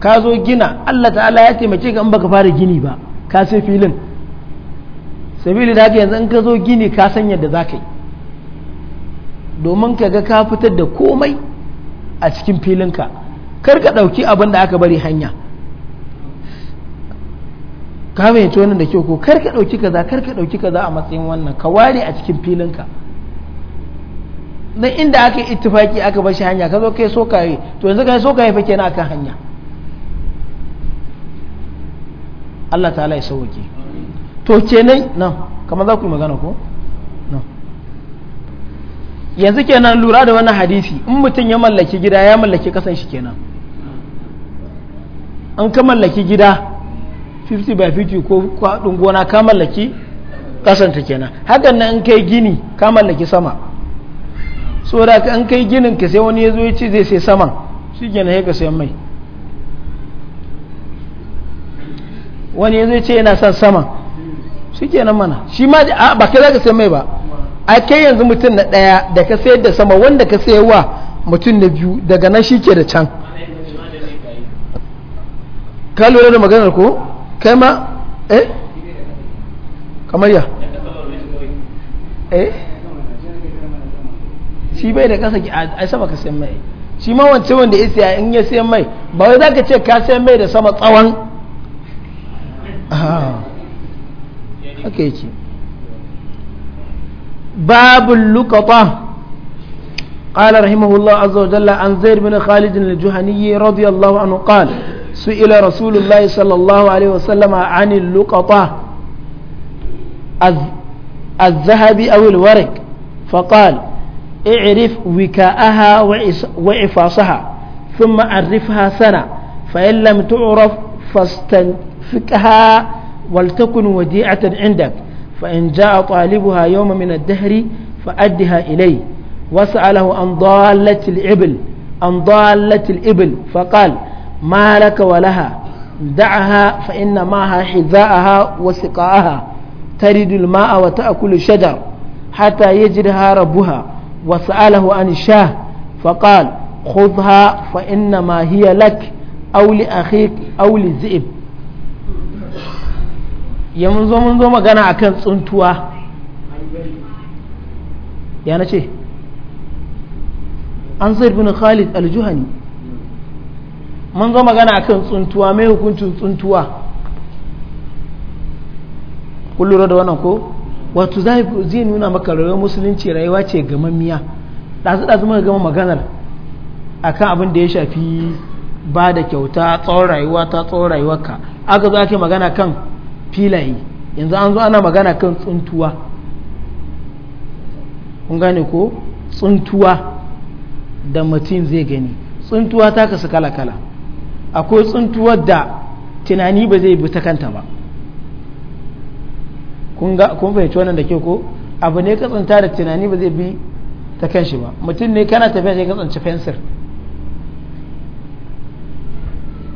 [SPEAKER 1] ka zo gina Allah ta'ala ya taimake ka in baka fara gini ba ka sai filin sabili da haka yanzu in ka zo gini ka san yadda za ka yi domin ka ga ka fitar da komai a cikin filinka kar ka ɗauki abin da aka bari hanya ka fahimci wannan da kyau ko kar ka ɗauki kaza kar ka ɗauki kaza a matsayin wannan ka ware a cikin filinka dan inda aka yi ittifaki aka bar shi hanya ka zo kai so sokaye to yanzu ka sokaye fa kenan akan hanya Allah ta ya sauke to kenan nan kamar za ku yi magana ko nan yanzu kenan lura da wannan hadisi in mutum ya mallaki gida ya mallaki kasan shi kenan an ka mallaki gida 50 by 50 ko kwaɗin gona ka mallaki kasanta kenan hakan nan in kai gini ka mallaki sama saboda ka an kai ginin ka sai wani ya zo ya ce zai sai saman shi kenan ya ka sayan mai wani zai ce yana son sama shi nan mana shi ma ba kai za ka sai mai ba a kai yanzu mutum na ɗaya da ka sayar da sama wanda ka wa mutum na biyu daga nan shi ke da can ka lura da maganar ko kai ma eh kamar ya eh shi bai da kasa a sama ka sayar mai shi ma wancan wanda ya siya in ya sayar mai ba wai za ka ce ka sayar mai da sama tsawon haka yake babul luqata قال رحمه الله عز وجل عن زيد بن خالد الجهني رضي الله عنه قال سئل رسول الله صلى الله عليه وسلم عن اللقطة الذهبي أو الورق فقال اعرف وكاءها وعفاصها ثم عرفها سنة فإن لم تعرف فاستن فقها ولتكن وديعة عندك فإن جاء طالبها يوم من الدهر فأدها إليه وسأله عن ضالة الإبل عن ضالة الإبل فقال ما لك ولها دعها فإن معها حذاءها وسقاءها ترد الماء وتأكل الشجر حتى يجرها ربها وسأله عن الشاه فقال خذها فإنما هي لك أو لأخيك أو للذئب ya mun zo mun zo magana a kan tsuntuwa ya na ce an zai bin khalid aljuhani mun zo magana a kan tsuntuwa mai hukuncin tsuntuwa kun lura da wannan ko wato zai nuna maka rayuwar musulunci rayuwa ce gamammiya ɗazu-ɗazu muka gama maganar a kan abin da ya shafi ba da kyauta tsawon rayuwa ta tsawon rayuwarka aka zo ake magana kan filaye yanzu an zo ana magana kan tsuntuwa kun gane ko tsuntuwa da mutum zai gani tsuntuwa ta kasu kala-kala akwai tsuntuwar da tunani ba zai bi ta kanta ba kun fahimci wannan da ke ko abu ne katsanta da tunani ba zai bi ta kan shi ba mutum ne kana tafiya sai katsanci fensir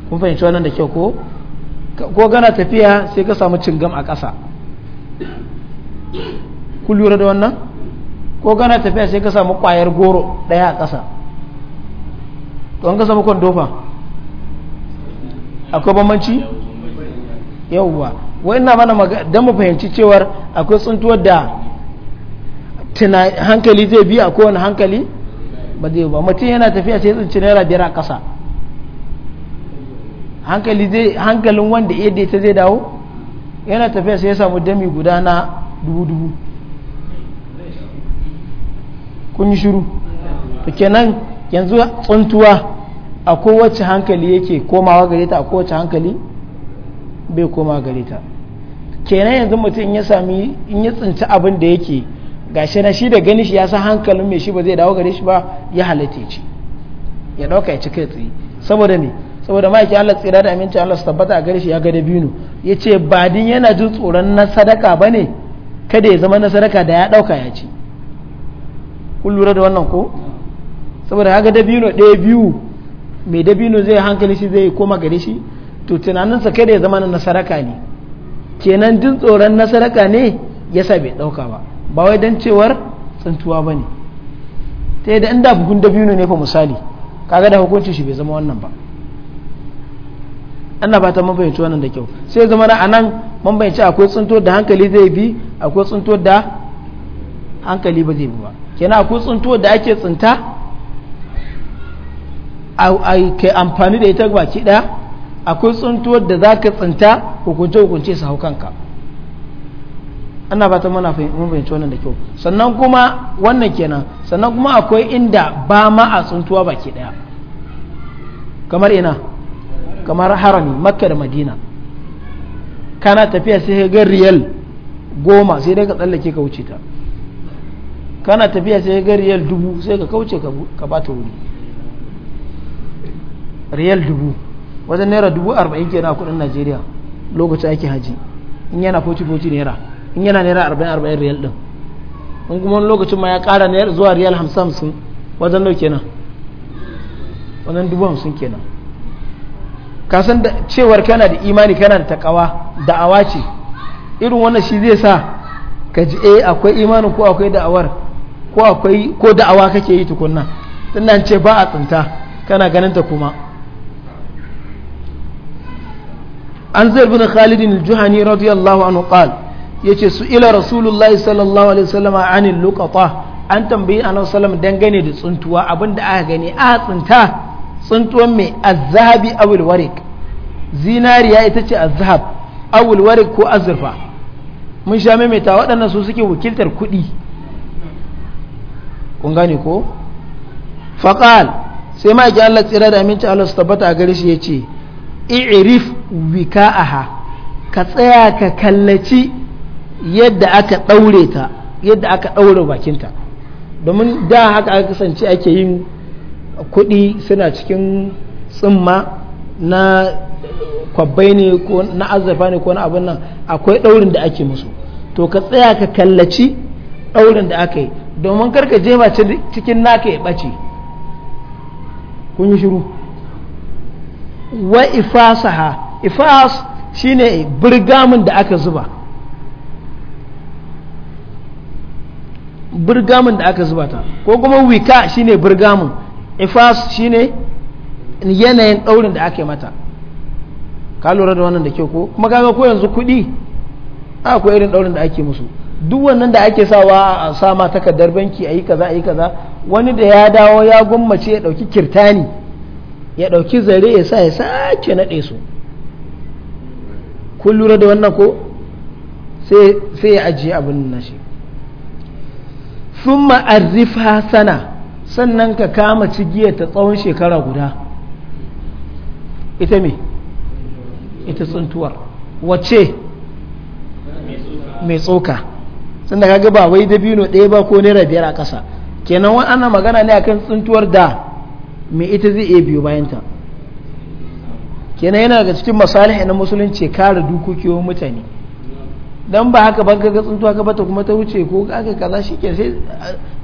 [SPEAKER 1] kun fahimci wannan da ke ko ko gana tafiya sai ka samu cingam a ƙasa ku lura da wannan ko gana tafiya sai ka samu ƙwayar goro ɗaya a ƙasa to an ka samu kwandofa akwai bambanci yauwa wai ina mana don mu fahimci cewar akwai tsuntuwar da hankali zai biya a kowane hankali ba zai ba mutum yana tafiya sai tsinci naira biyar a ƙasa hankali zai hankalin wanda iya ita zai dawo yana tafiya sai ya samu dami guda na dubu dubu kun yi shiru to kenan yanzu tsuntuwa a kowace hankali yake komawa gare ta a kowace hankali bai koma gare ta kenan yanzu mutum ya sami in ya tsinci abin da yake gashi na shi da gani shi ya san hankalin mai shi ba zai dawo gare shi ba ya halatta ya ci ya dauka ya ci kai tsaye saboda ne saboda ma'aikin Allah tsira da aminci Allah su tabbata a gare shi ya ga dabino ya ce ba din yana jin tsoron na sadaka ba ne kada ya zama na sadaka da ya ɗauka ya ce kun lura da wannan ko saboda ya ga dabino ɗaya biyu mai dabino zai hankali shi zai koma gare shi to tunaninsa kada ya zama na sadaka ne kenan jin tsoron na sadaka ne yasa bai ɗauka ba ba wai don cewar tsintuwa ba ne ta yadda inda bugun dabino ne fa misali kaga da hukuncin shi bai zama wannan ba ana ba ta mafahimci wannan da kyau sai zama na anan mafahimci akwai tsinto da hankali zai bi akwai tsinto da hankali ba zai bi ba kenan akwai tsinto da ake tsinta ke amfani da ita baki ɗaya akwai tsinto da za ka tsinta hukunce hukunce su hau kanka ana ba ta mana mabanci wannan da kyau sannan kuma wannan kenan sannan kuma akwai inda ba ma a tsintuwa baki ɗaya kamar ina kamar harami makka da madina kana tafiya sai ga riyal goma sai dai ka tsallake ka wuce ta kana tafiya sai ga riyal dubu sai ka kauce ka ba ta wuri riyal dubu wajen naira dubu arba'in kenan a kudin najeriya lokacin ake haji in yana foci foci naira in yana naira arba'in arba'in riyal din in kuma wani lokacin ma ya kara naira zuwa riyal hamsin hamsin wajen nau kenan wajen dubu hamsin kenan ka san cewar kana da imani kana da takawa da'awa ce irin wannan shi zai sa ka ji eh akwai imanin ko akwai da'awar ko akwai ko da'awa kake yi tukunna tunda ce ba a tsinta kana ganin ta kuma an zai bin khalidin juhani radiyallahu anhu qal yace su ila rasulullahi sallallahu alaihi wasallam anil luqata an tambayi annabi sallallahu alaihi wasallam dangane da tsuntuwa abinda aka gani a tsinta tsuntuwan mai azzahabi awul zinariya ita ce azzahab awul ko azurfa mun sha ta waɗannan su suke wakiltar kuɗi kun gane ko faƙal sai ma Allah tsira da aminci Allah su tabbata a gare shi ya ce i'rif wika'aha ka tsaya ka kallaci yadda aka ɗaure ta yadda aka ɗaure bakinta domin da haka aka kasance ake yin kuɗi suna cikin tsimma na kwabbai ne ko na azurfa ne ko na abin nan akwai ɗaurin da ake musu to ka tsaya ka kallaci ɗaurin da aka yi domin karka je ba cikin naka ya ɓace kun yi shiru wa ifasaha ifas shine birgamin da aka zuba birgamin da aka zuba ta ko kuma wika shine birgamin ifas ne yanayin daurin da ake mata ka lura da wannan da ke ko kuma kaga ko yanzu kuɗi akwai irin ɗaurin da ake musu duk wannan da ake sawa a sama takardar banki a yi kaza a yi kaza wani da ya dawo ya gwammace ya ɗauki kirtani ya ɗauki zare ya sa ya sake naɗe su kun lura da wannan ko sai ya ajiye abin nashi sun ma'arrifa sana sannan ka kama cigiyar ta tsawon shekara guda ita me ita tsuntuwar wace mai tsoka sannan kaga ba wai dabino ɗaya ba ko naira biyar a ƙasa kenan ana magana ne akan tsuntuwar da mai ita zai iya biyo bayanta kenan yana daga cikin masalihin na musulunci kare dukokiyoyin mutane don ba haka ba ga tsuntuwa ka bata kuma ta wuce ko aka kaza shi ke sai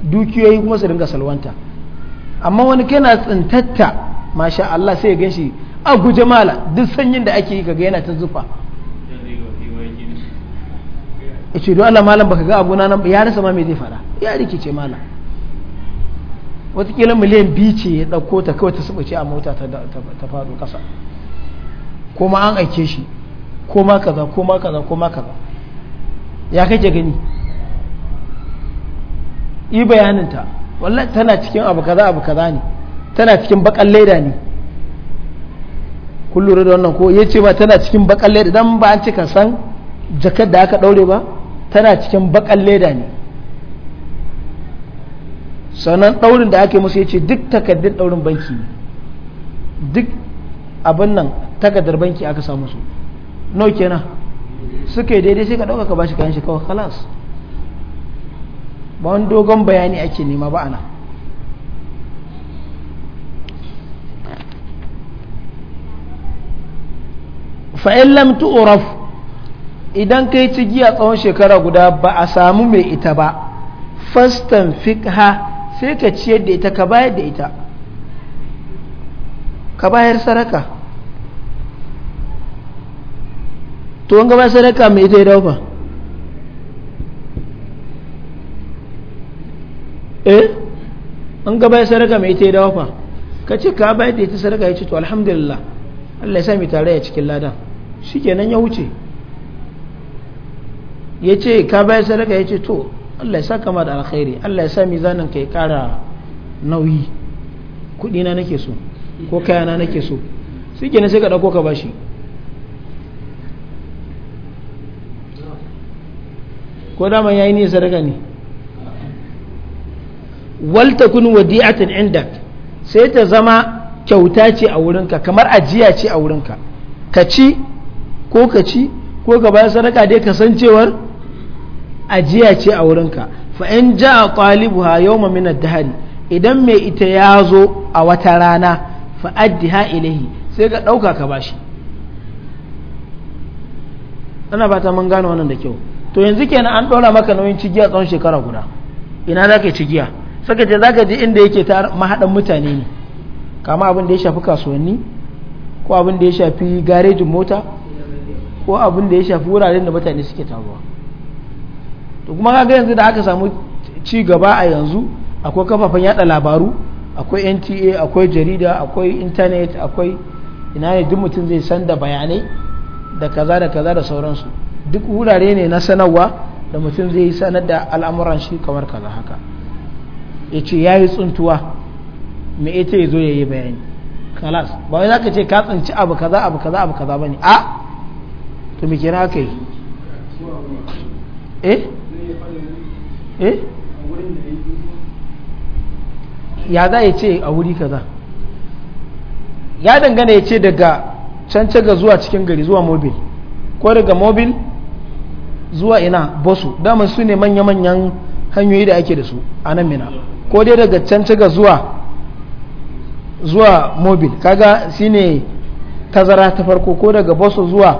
[SPEAKER 1] dukiyoyi kuma su dinga salwanta amma wani kana tsintatta masha Allah sai ya ganshi a guje mala duk sanyin da ake yi kaga yana ta zufa ce don Allah malam baka ga abuna nan ya rasa ma me zai fara ya rikice malam watakila miliyan biyu ce ya ɗauko ta kawai ta ce a mota ta faɗo ƙasa ko ma an aike shi ko ma kaza ko ma kaza ko ma kaza ya kake gani yi bayaninta wallahi tana cikin abu kaza abu kaza ne tana cikin bakan leda ne kun lura da wannan ko ya ce ba tana cikin bakan leda don ba an cika san jakar da aka daure ba tana cikin bakan leda ne sannan daurin da ake musu ya ce duk takardin daurin banki ne duk abin nan takardar banki aka samu su nau kenan suke daidai sai ka ɗauka ka bashi kayan shi kawai halas ba wani dogon bayani ake nema ba ana fa'in lam tu'raf idan kai ci giya tsawon shekara guda ba a samu mai ita ba fastan fikha sai ka ciyar da ita ka bayar da ita ka bayar saraka to wanga ba sadaka mai ita ya dawo fa eh an gaba ya sadaka mai ita ya dawo fa ka ce ka bayar da ita sadaka ya ce to alhamdulillah Allah ya sa mai tare ya cikin ladan shikenan ya wuce ya ce ka bayar sadaka ya ce to Allah ya sa kama da alkhairi Allah ya sa mizanin ka ya kara nauyi kudina nake so ko kayana nake so shikenan sai ka dauko ka bashi ko daman yayi ne sadaka ne wal takun wadi'atan indak sai ta zama kyauta ce a wurinka kamar ajiya ce a wurinka ka ci ko ka ci ko ka bayar sadaka dai kasancewar ajiya ce a wurinka fa in ja'a qalibuha yawma min ad-dahri idan mai ita ya zo a wata rana fa addiha ilahi sai ka dauka ka bashi ana ba mun gane wannan da kyau to yanzu kenan an ɗora maka nauyin cigiya tsawon shekara guda ina za ka yi cigiya saka ce za ka je inda yake ta mahaɗan mutane ne kama abin da ya shafi kasuwanni ko abin da ya shafi garejin mota ko abin da ya shafi wuraren da mutane suke taruwa to kuma kaga yanzu da aka samu ci gaba a yanzu akwai kafafen yada labaru akwai nta akwai jarida akwai intanet akwai ina ne duk mutum zai san da bayanai da kaza da kaza da sauransu duk wurare ne na sanarwa da mutum zai yi sanar da al'amuran shi kamar kaza haka ya ce ya yi tsuntuwa me ita ya zo ya yi bayani kalas ba wai ka ce ka tsinci abu kaza abu kaza abu kaza ne, a to me kenan haka yi eh eh ya za ya ce a wuri kaza ya dangana ya ce daga can ga zuwa cikin gari zuwa mobil ko daga mobil zuwa ina bosu dama su ne manya-manyan hanyoyi da ake da su a nan mina ko dai daga can ga zuwa zuwa mobil kaga shi ne tazara ta farko ko daga bosu zuwa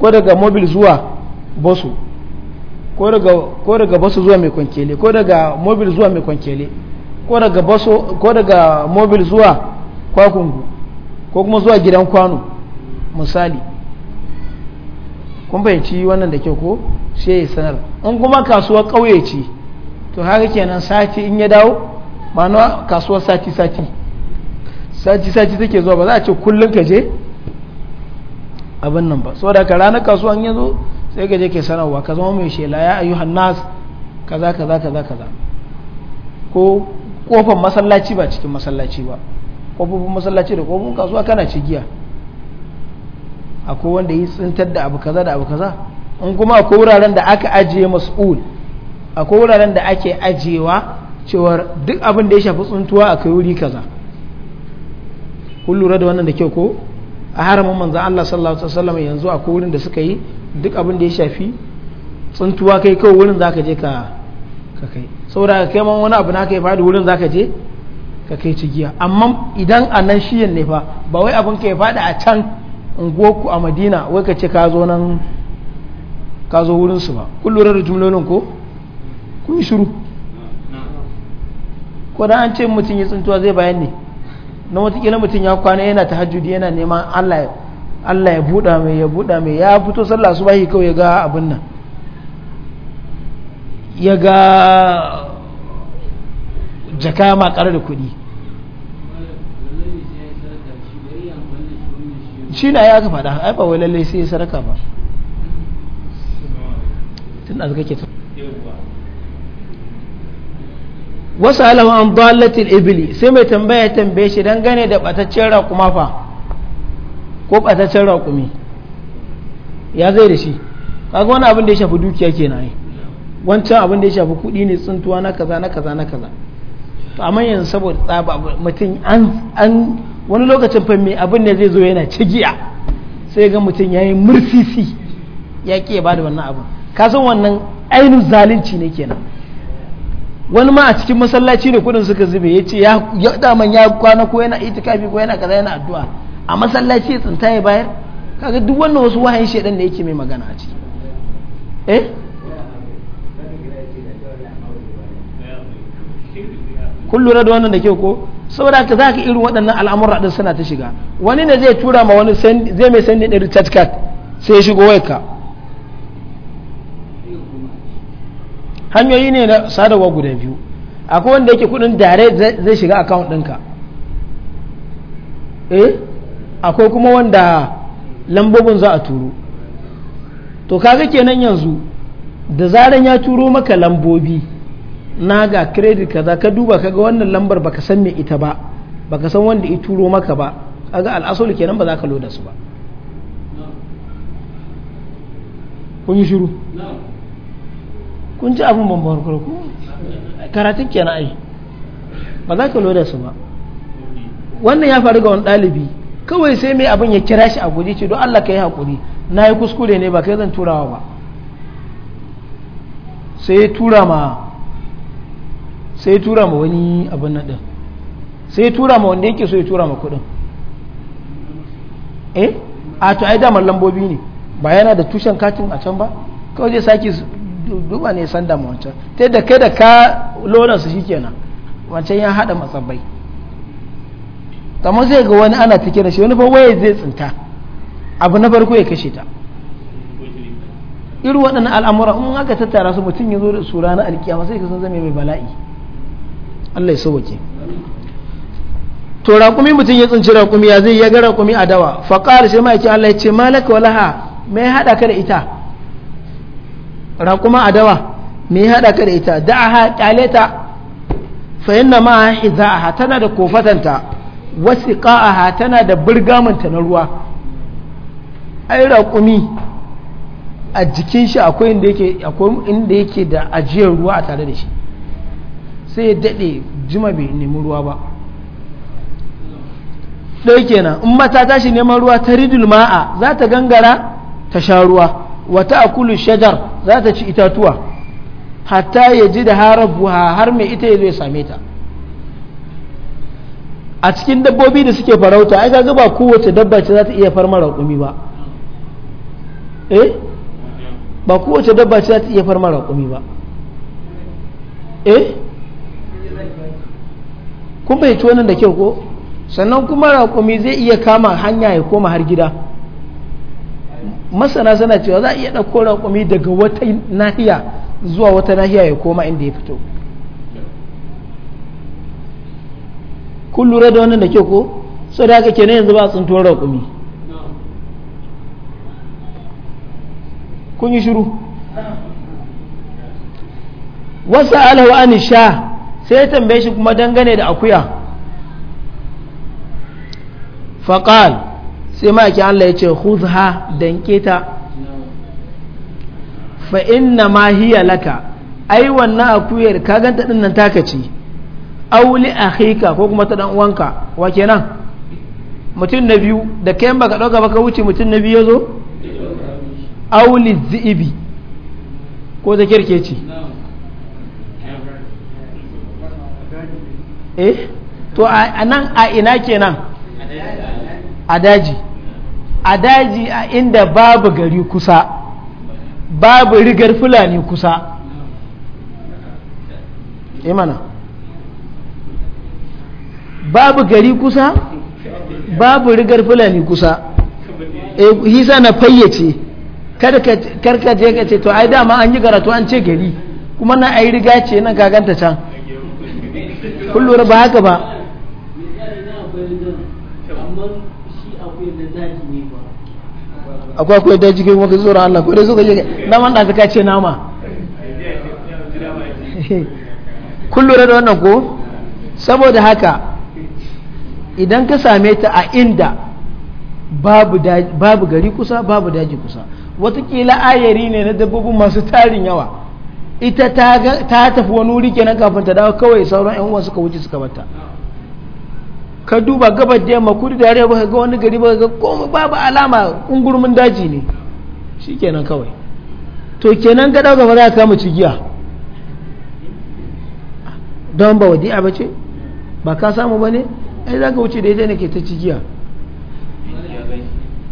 [SPEAKER 1] ko daga mobil zuwa bosu ko daga bosu zuwa mai kwankele ko daga mobil zuwa mai kwankele ko daga mobil zuwa kwakungu ko kuma zuwa gidan kwano misali kun fahimci wannan da kyau ko sai ya sanar in kuma kasuwar ƙauye ce to haka kenan sati in ya dawo ma'ana kasuwar sati sati sati sati take zuwa ba za a ce kullum ka je abin nan ba so da ka ranar kasuwan ya zo sai ka je ke sanarwa ka zama mai shela ya ayyuhan nas kaza kaza kaza kaza ko kofar masallaci ba cikin masallaci ba kofofin masallaci da kofofin kasuwa kana cigiya giya akwai wanda yi tsintar da abu kaza da abu kaza in kuma akwai wuraren da aka ajiye mas'ul akwai wuraren da ake ajiyewa cewar duk abin da ya shafi tsuntuwa akwai wuri kaza kun lura da wannan da kyau ko a haramin manzan Allah sallallahu alaihi wasallam yanzu akwai wurin da suka yi duk abin da ya shafi tsuntuwa kai kawai wurin zaka je ka ka kai saboda kai man wani abu na kai faɗi wurin zaka je ka kai cigiya amma idan a nan shiyan ne fa ba wai abin ka ya faɗi a can unguwarku a madina wai ka ce ka zo nan ka zo wurinsu ba kun lura da jumlonin ko kun shiru ko da an ce mutum ya tsintuwa zai bayan ne na watakila mutum ya kwana yana ta hajjudi yana neman allah allah ya buɗa mai ya buɗa mai ya fito sallah su bahi kawai ya ga abin nan ya ga jaka makare da kuɗi
[SPEAKER 2] shi na ya kafa da
[SPEAKER 1] ai ba wai lalle sai ya ba tun da kake ta wasu alama an dalatil ibili sai mai tambaya tambaye shi don gane da bataccen raƙuma fa ko bataccen raƙumi ya zai da shi kaga wani abin da ya shafi dukiya kenan wancan abin da ya shafi kuɗi ne tsuntuwa na kaza na kaza na kaza to amma yanzu saboda tsaba mutum an wani lokacin fa mai abin da zai zo yana cigiya sai ga mutum ya yi murfisi ya ƙi ya ba da wannan abin kasan wannan ainihin zalunci ne kenan wani ma a cikin masallaci da kudin suka zube ya ce ya daman ya kwana ko yana itikafi ko yana kaza yana addu'a a masallaci ya tsinta ya bayar kaga duk wannan wasu wahayin shaidan ne yake mai magana a ciki eh kun lura da wannan da ke ko saboda ka za ka irin waɗannan al'amura ɗin suna ta shiga wani ne zai tura ma wani zai mai sani ɗin recharge card sai ya shigo wai ka hanyoyi ne na sadarwa guda biyu akwai wanda yake kuɗin dare zai shiga account ɗinka eh akwai kuma wanda lambobin za a turo to kaga kenan yanzu da zaran ya turo maka lambobi na ga credit kaza ka duba kaga wannan lambar baka san me ita ba baka san wanda ya turo maka ba kaga al'asali kenan ba za ka loda su ba kun yi shiru kun ji abin ban farko ku karatun kenan ai ba za ka loda su ba wannan ya faru ga wani ɗalibi kawai sai mai abin ya kira shi a guji ce don Allah ka yi haƙuri na yi kuskure ne ba kai zan turawa ba sai ya tura ma sai tura ma wani abin nan ɗin sai tura ma wanda yake so ya tura ma kudin eh a to ai damar lambobi ne ba yana da tushen katin a can ba kawai zai sake duba ne san da wancan ta da kai da ka lona su shikenan wancan ya haɗa matsabbai kamar zai ga wani ana take da shi wani ba waye zai tsinta abu na farko ya kashe ta irin waɗannan al'amura in aka tattara su mutum ya zo da su ranar alkiyama sai ka san zame mai bala'i Allah ya sauke to raƙumi mutum ya tsinci raƙumi ya zai ya ga raƙumi a dawa faƙar sai ma'aikin Allah ya ce malaka walaha me ya haɗa ka da ita raƙuma a dawa me ya haɗa ka da ita da'aha ƙyaleta fa inna ma hiza'aha tana da kofatanta wasiqa'aha tana da burgamanta na ruwa ai raƙumi a jikin shi akwai inda yake akwai inda yake da ajiyar ruwa a tare da shi sai ya daɗe jima bai nemi ruwa ba ɗai kenan in mata tashi neman ruwa ta ridul ma'a za ta gangara ta sha ruwa wata akulu shajar za ta ci itatuwa hatta ya ji da harar buha har mai ita ya zo ya same ta a cikin dabbobi da suke farauta ai ga ba kowace dabba ce za ta iya farmar raƙumi ba eh ba kowace dabba ce za ta iya farmar raƙumi ba eh kun fahimci wannan da kyau ko sannan kuma raƙumi zai iya kama hanya ya koma har gida masana suna cewa za a iya ɗauko raƙumi daga wata nahiya zuwa wata nahiya ya koma inda ya fito kun lura da wannan da kyau ko sau da haka kenan yanzu ba a tsintuwar raƙumi kun yi shiru wasu alawa an sha sai ya tambaye shi kuma dangane da akuya faƙal sai ma'aikin Allah ya ce huzha danke ta fa inna ma hiya laka ai wannan akuyar ka ganta din nan taka ce auli akhika ko kuma ta dan ka wa kenan mutum na biyu da kai ba ka dauka ba ka wuce mutum na biyu yazo auli zibi ko ta kirkeci eh
[SPEAKER 2] to a nan a ina kenan
[SPEAKER 1] a daji a daji a inda babu gari kusa babu rigar fulani kusa imana eh babu gari kusa babu rigar fulani kusa e eh, hisa na fayyace karkace ka ce to ai dama an yi karatu an ce gari kuma na ai riga ce ka ganta can
[SPEAKER 2] kun lura ba haka ba akwai akwai daji kai kuma ka tsoron Allah ko dai suka je naman da suka ce nama
[SPEAKER 1] kun lura da wannan ko saboda haka idan ka same ta a inda babu gari kusa babu daji kusa watakila ayari ne na dabbobin masu tarin yawa ita ta tafi wani wuri kenan kafin ta dawo kawai sauran yan uwa suka wuce suka bata ka duba gabar da yamma kudu da arewa baka ga wani gari ba ga komai babu alama kungurmin daji ne shi nan kawai to kenan ka dawo gaba za ka kama cigiya don ba wadi ba ce ba ka samu ba ne ai za ka wuce da ita ne ke ta cigiya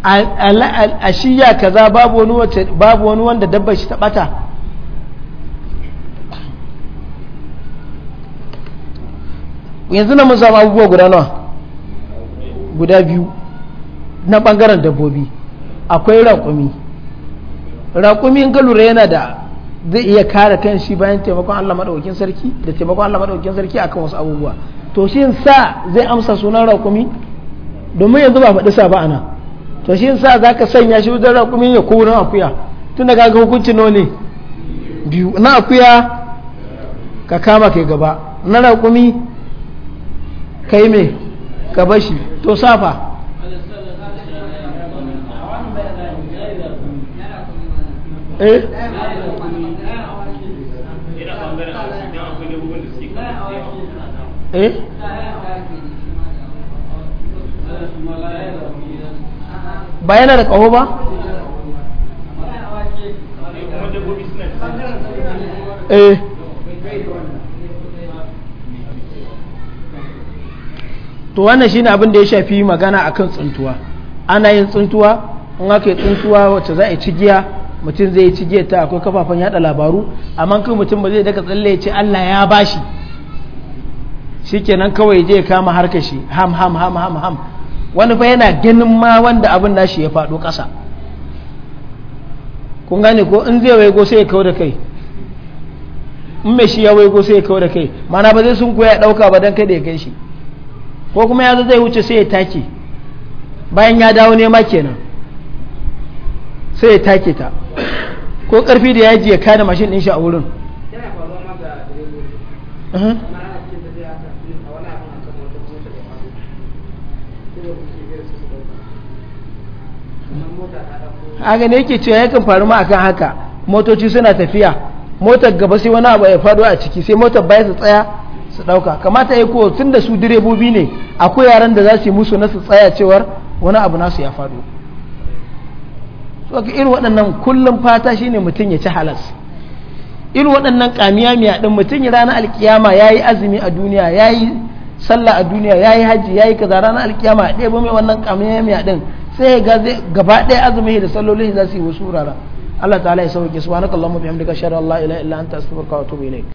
[SPEAKER 1] a shiya kaza babu wani wanda dabba shi ta bata yanzu na mun abubuwa guda nawa guda biyu na bangaren dabbobi akwai raƙumi raƙumi in yana da zai iya kare kan shi bayan taimakon Allah maɗaukin sarki da taimakon Allah maɗaukin sarki akan wasu abubuwa to shi sa zai amsa sunan raƙumi domin yanzu ba faɗi sa ba ana to shi sa za ka sanya shi wajen raƙumi ya ko wurin akuya tun da kaga hukuncin nawa ne biyu na akuya ka kama kai gaba na raƙumi kai me ka bashi to safa
[SPEAKER 2] eh? eh? ba yana da ƙaho ba? eh
[SPEAKER 1] to wannan shine abin da ya shafi magana akan tsuntuwa ana yin tsuntuwa in aka yi tsuntuwa wacce za a yi cigiya mutum zai yi cigiyar ta akwai kafafen yada labaru amma kai mutum ba zai daga tsalle ya ce Allah ya bashi shikenan kawai je ya kama harkar shi ham ham ham ham ham wani fa yana ganin ma wanda abin nashi ya fado kasa kun gane ko in zai waigo sai ya kawo da kai in mai shi ya waigo sai ya kawo da kai mana ba zai sun koya ɗauka ba don kada ya kai shi ko kuma ya zai wuce sai ya take bayan ya dawo nema kenan sai ya take ta ko karfi da yaji ya kada mashin din shi a wurin
[SPEAKER 2] a ne yake cewa yakan faru ma akan
[SPEAKER 1] haka motoci suna tafiya motar gaba sai wani abu ya faɗo a ciki sai motar baya su tsaya su ɗauka kamata ya kowa tun da su direbobi ne akwai yaran da za su yi musu na su tsaya cewar wani abu nasu ya faɗo so ka irin waɗannan kullum fata shi ne mutum ya ci halas irin waɗannan miya ɗin mutum ya ranar alkiyama ya yi azumi a duniya ya yi sallah a duniya ya yi hajji ya yi kaza ranar alkiyama ɗaya ɗaya mai wannan miya ɗin sai ya ga gaba ɗaya azumi da sallolin za su yi wasu wurare Allah ta'ala ya sauke subhanakallahumma bihamdika ashhadu Allah ila ilaha illa su astaghfiruka wa atubu ne.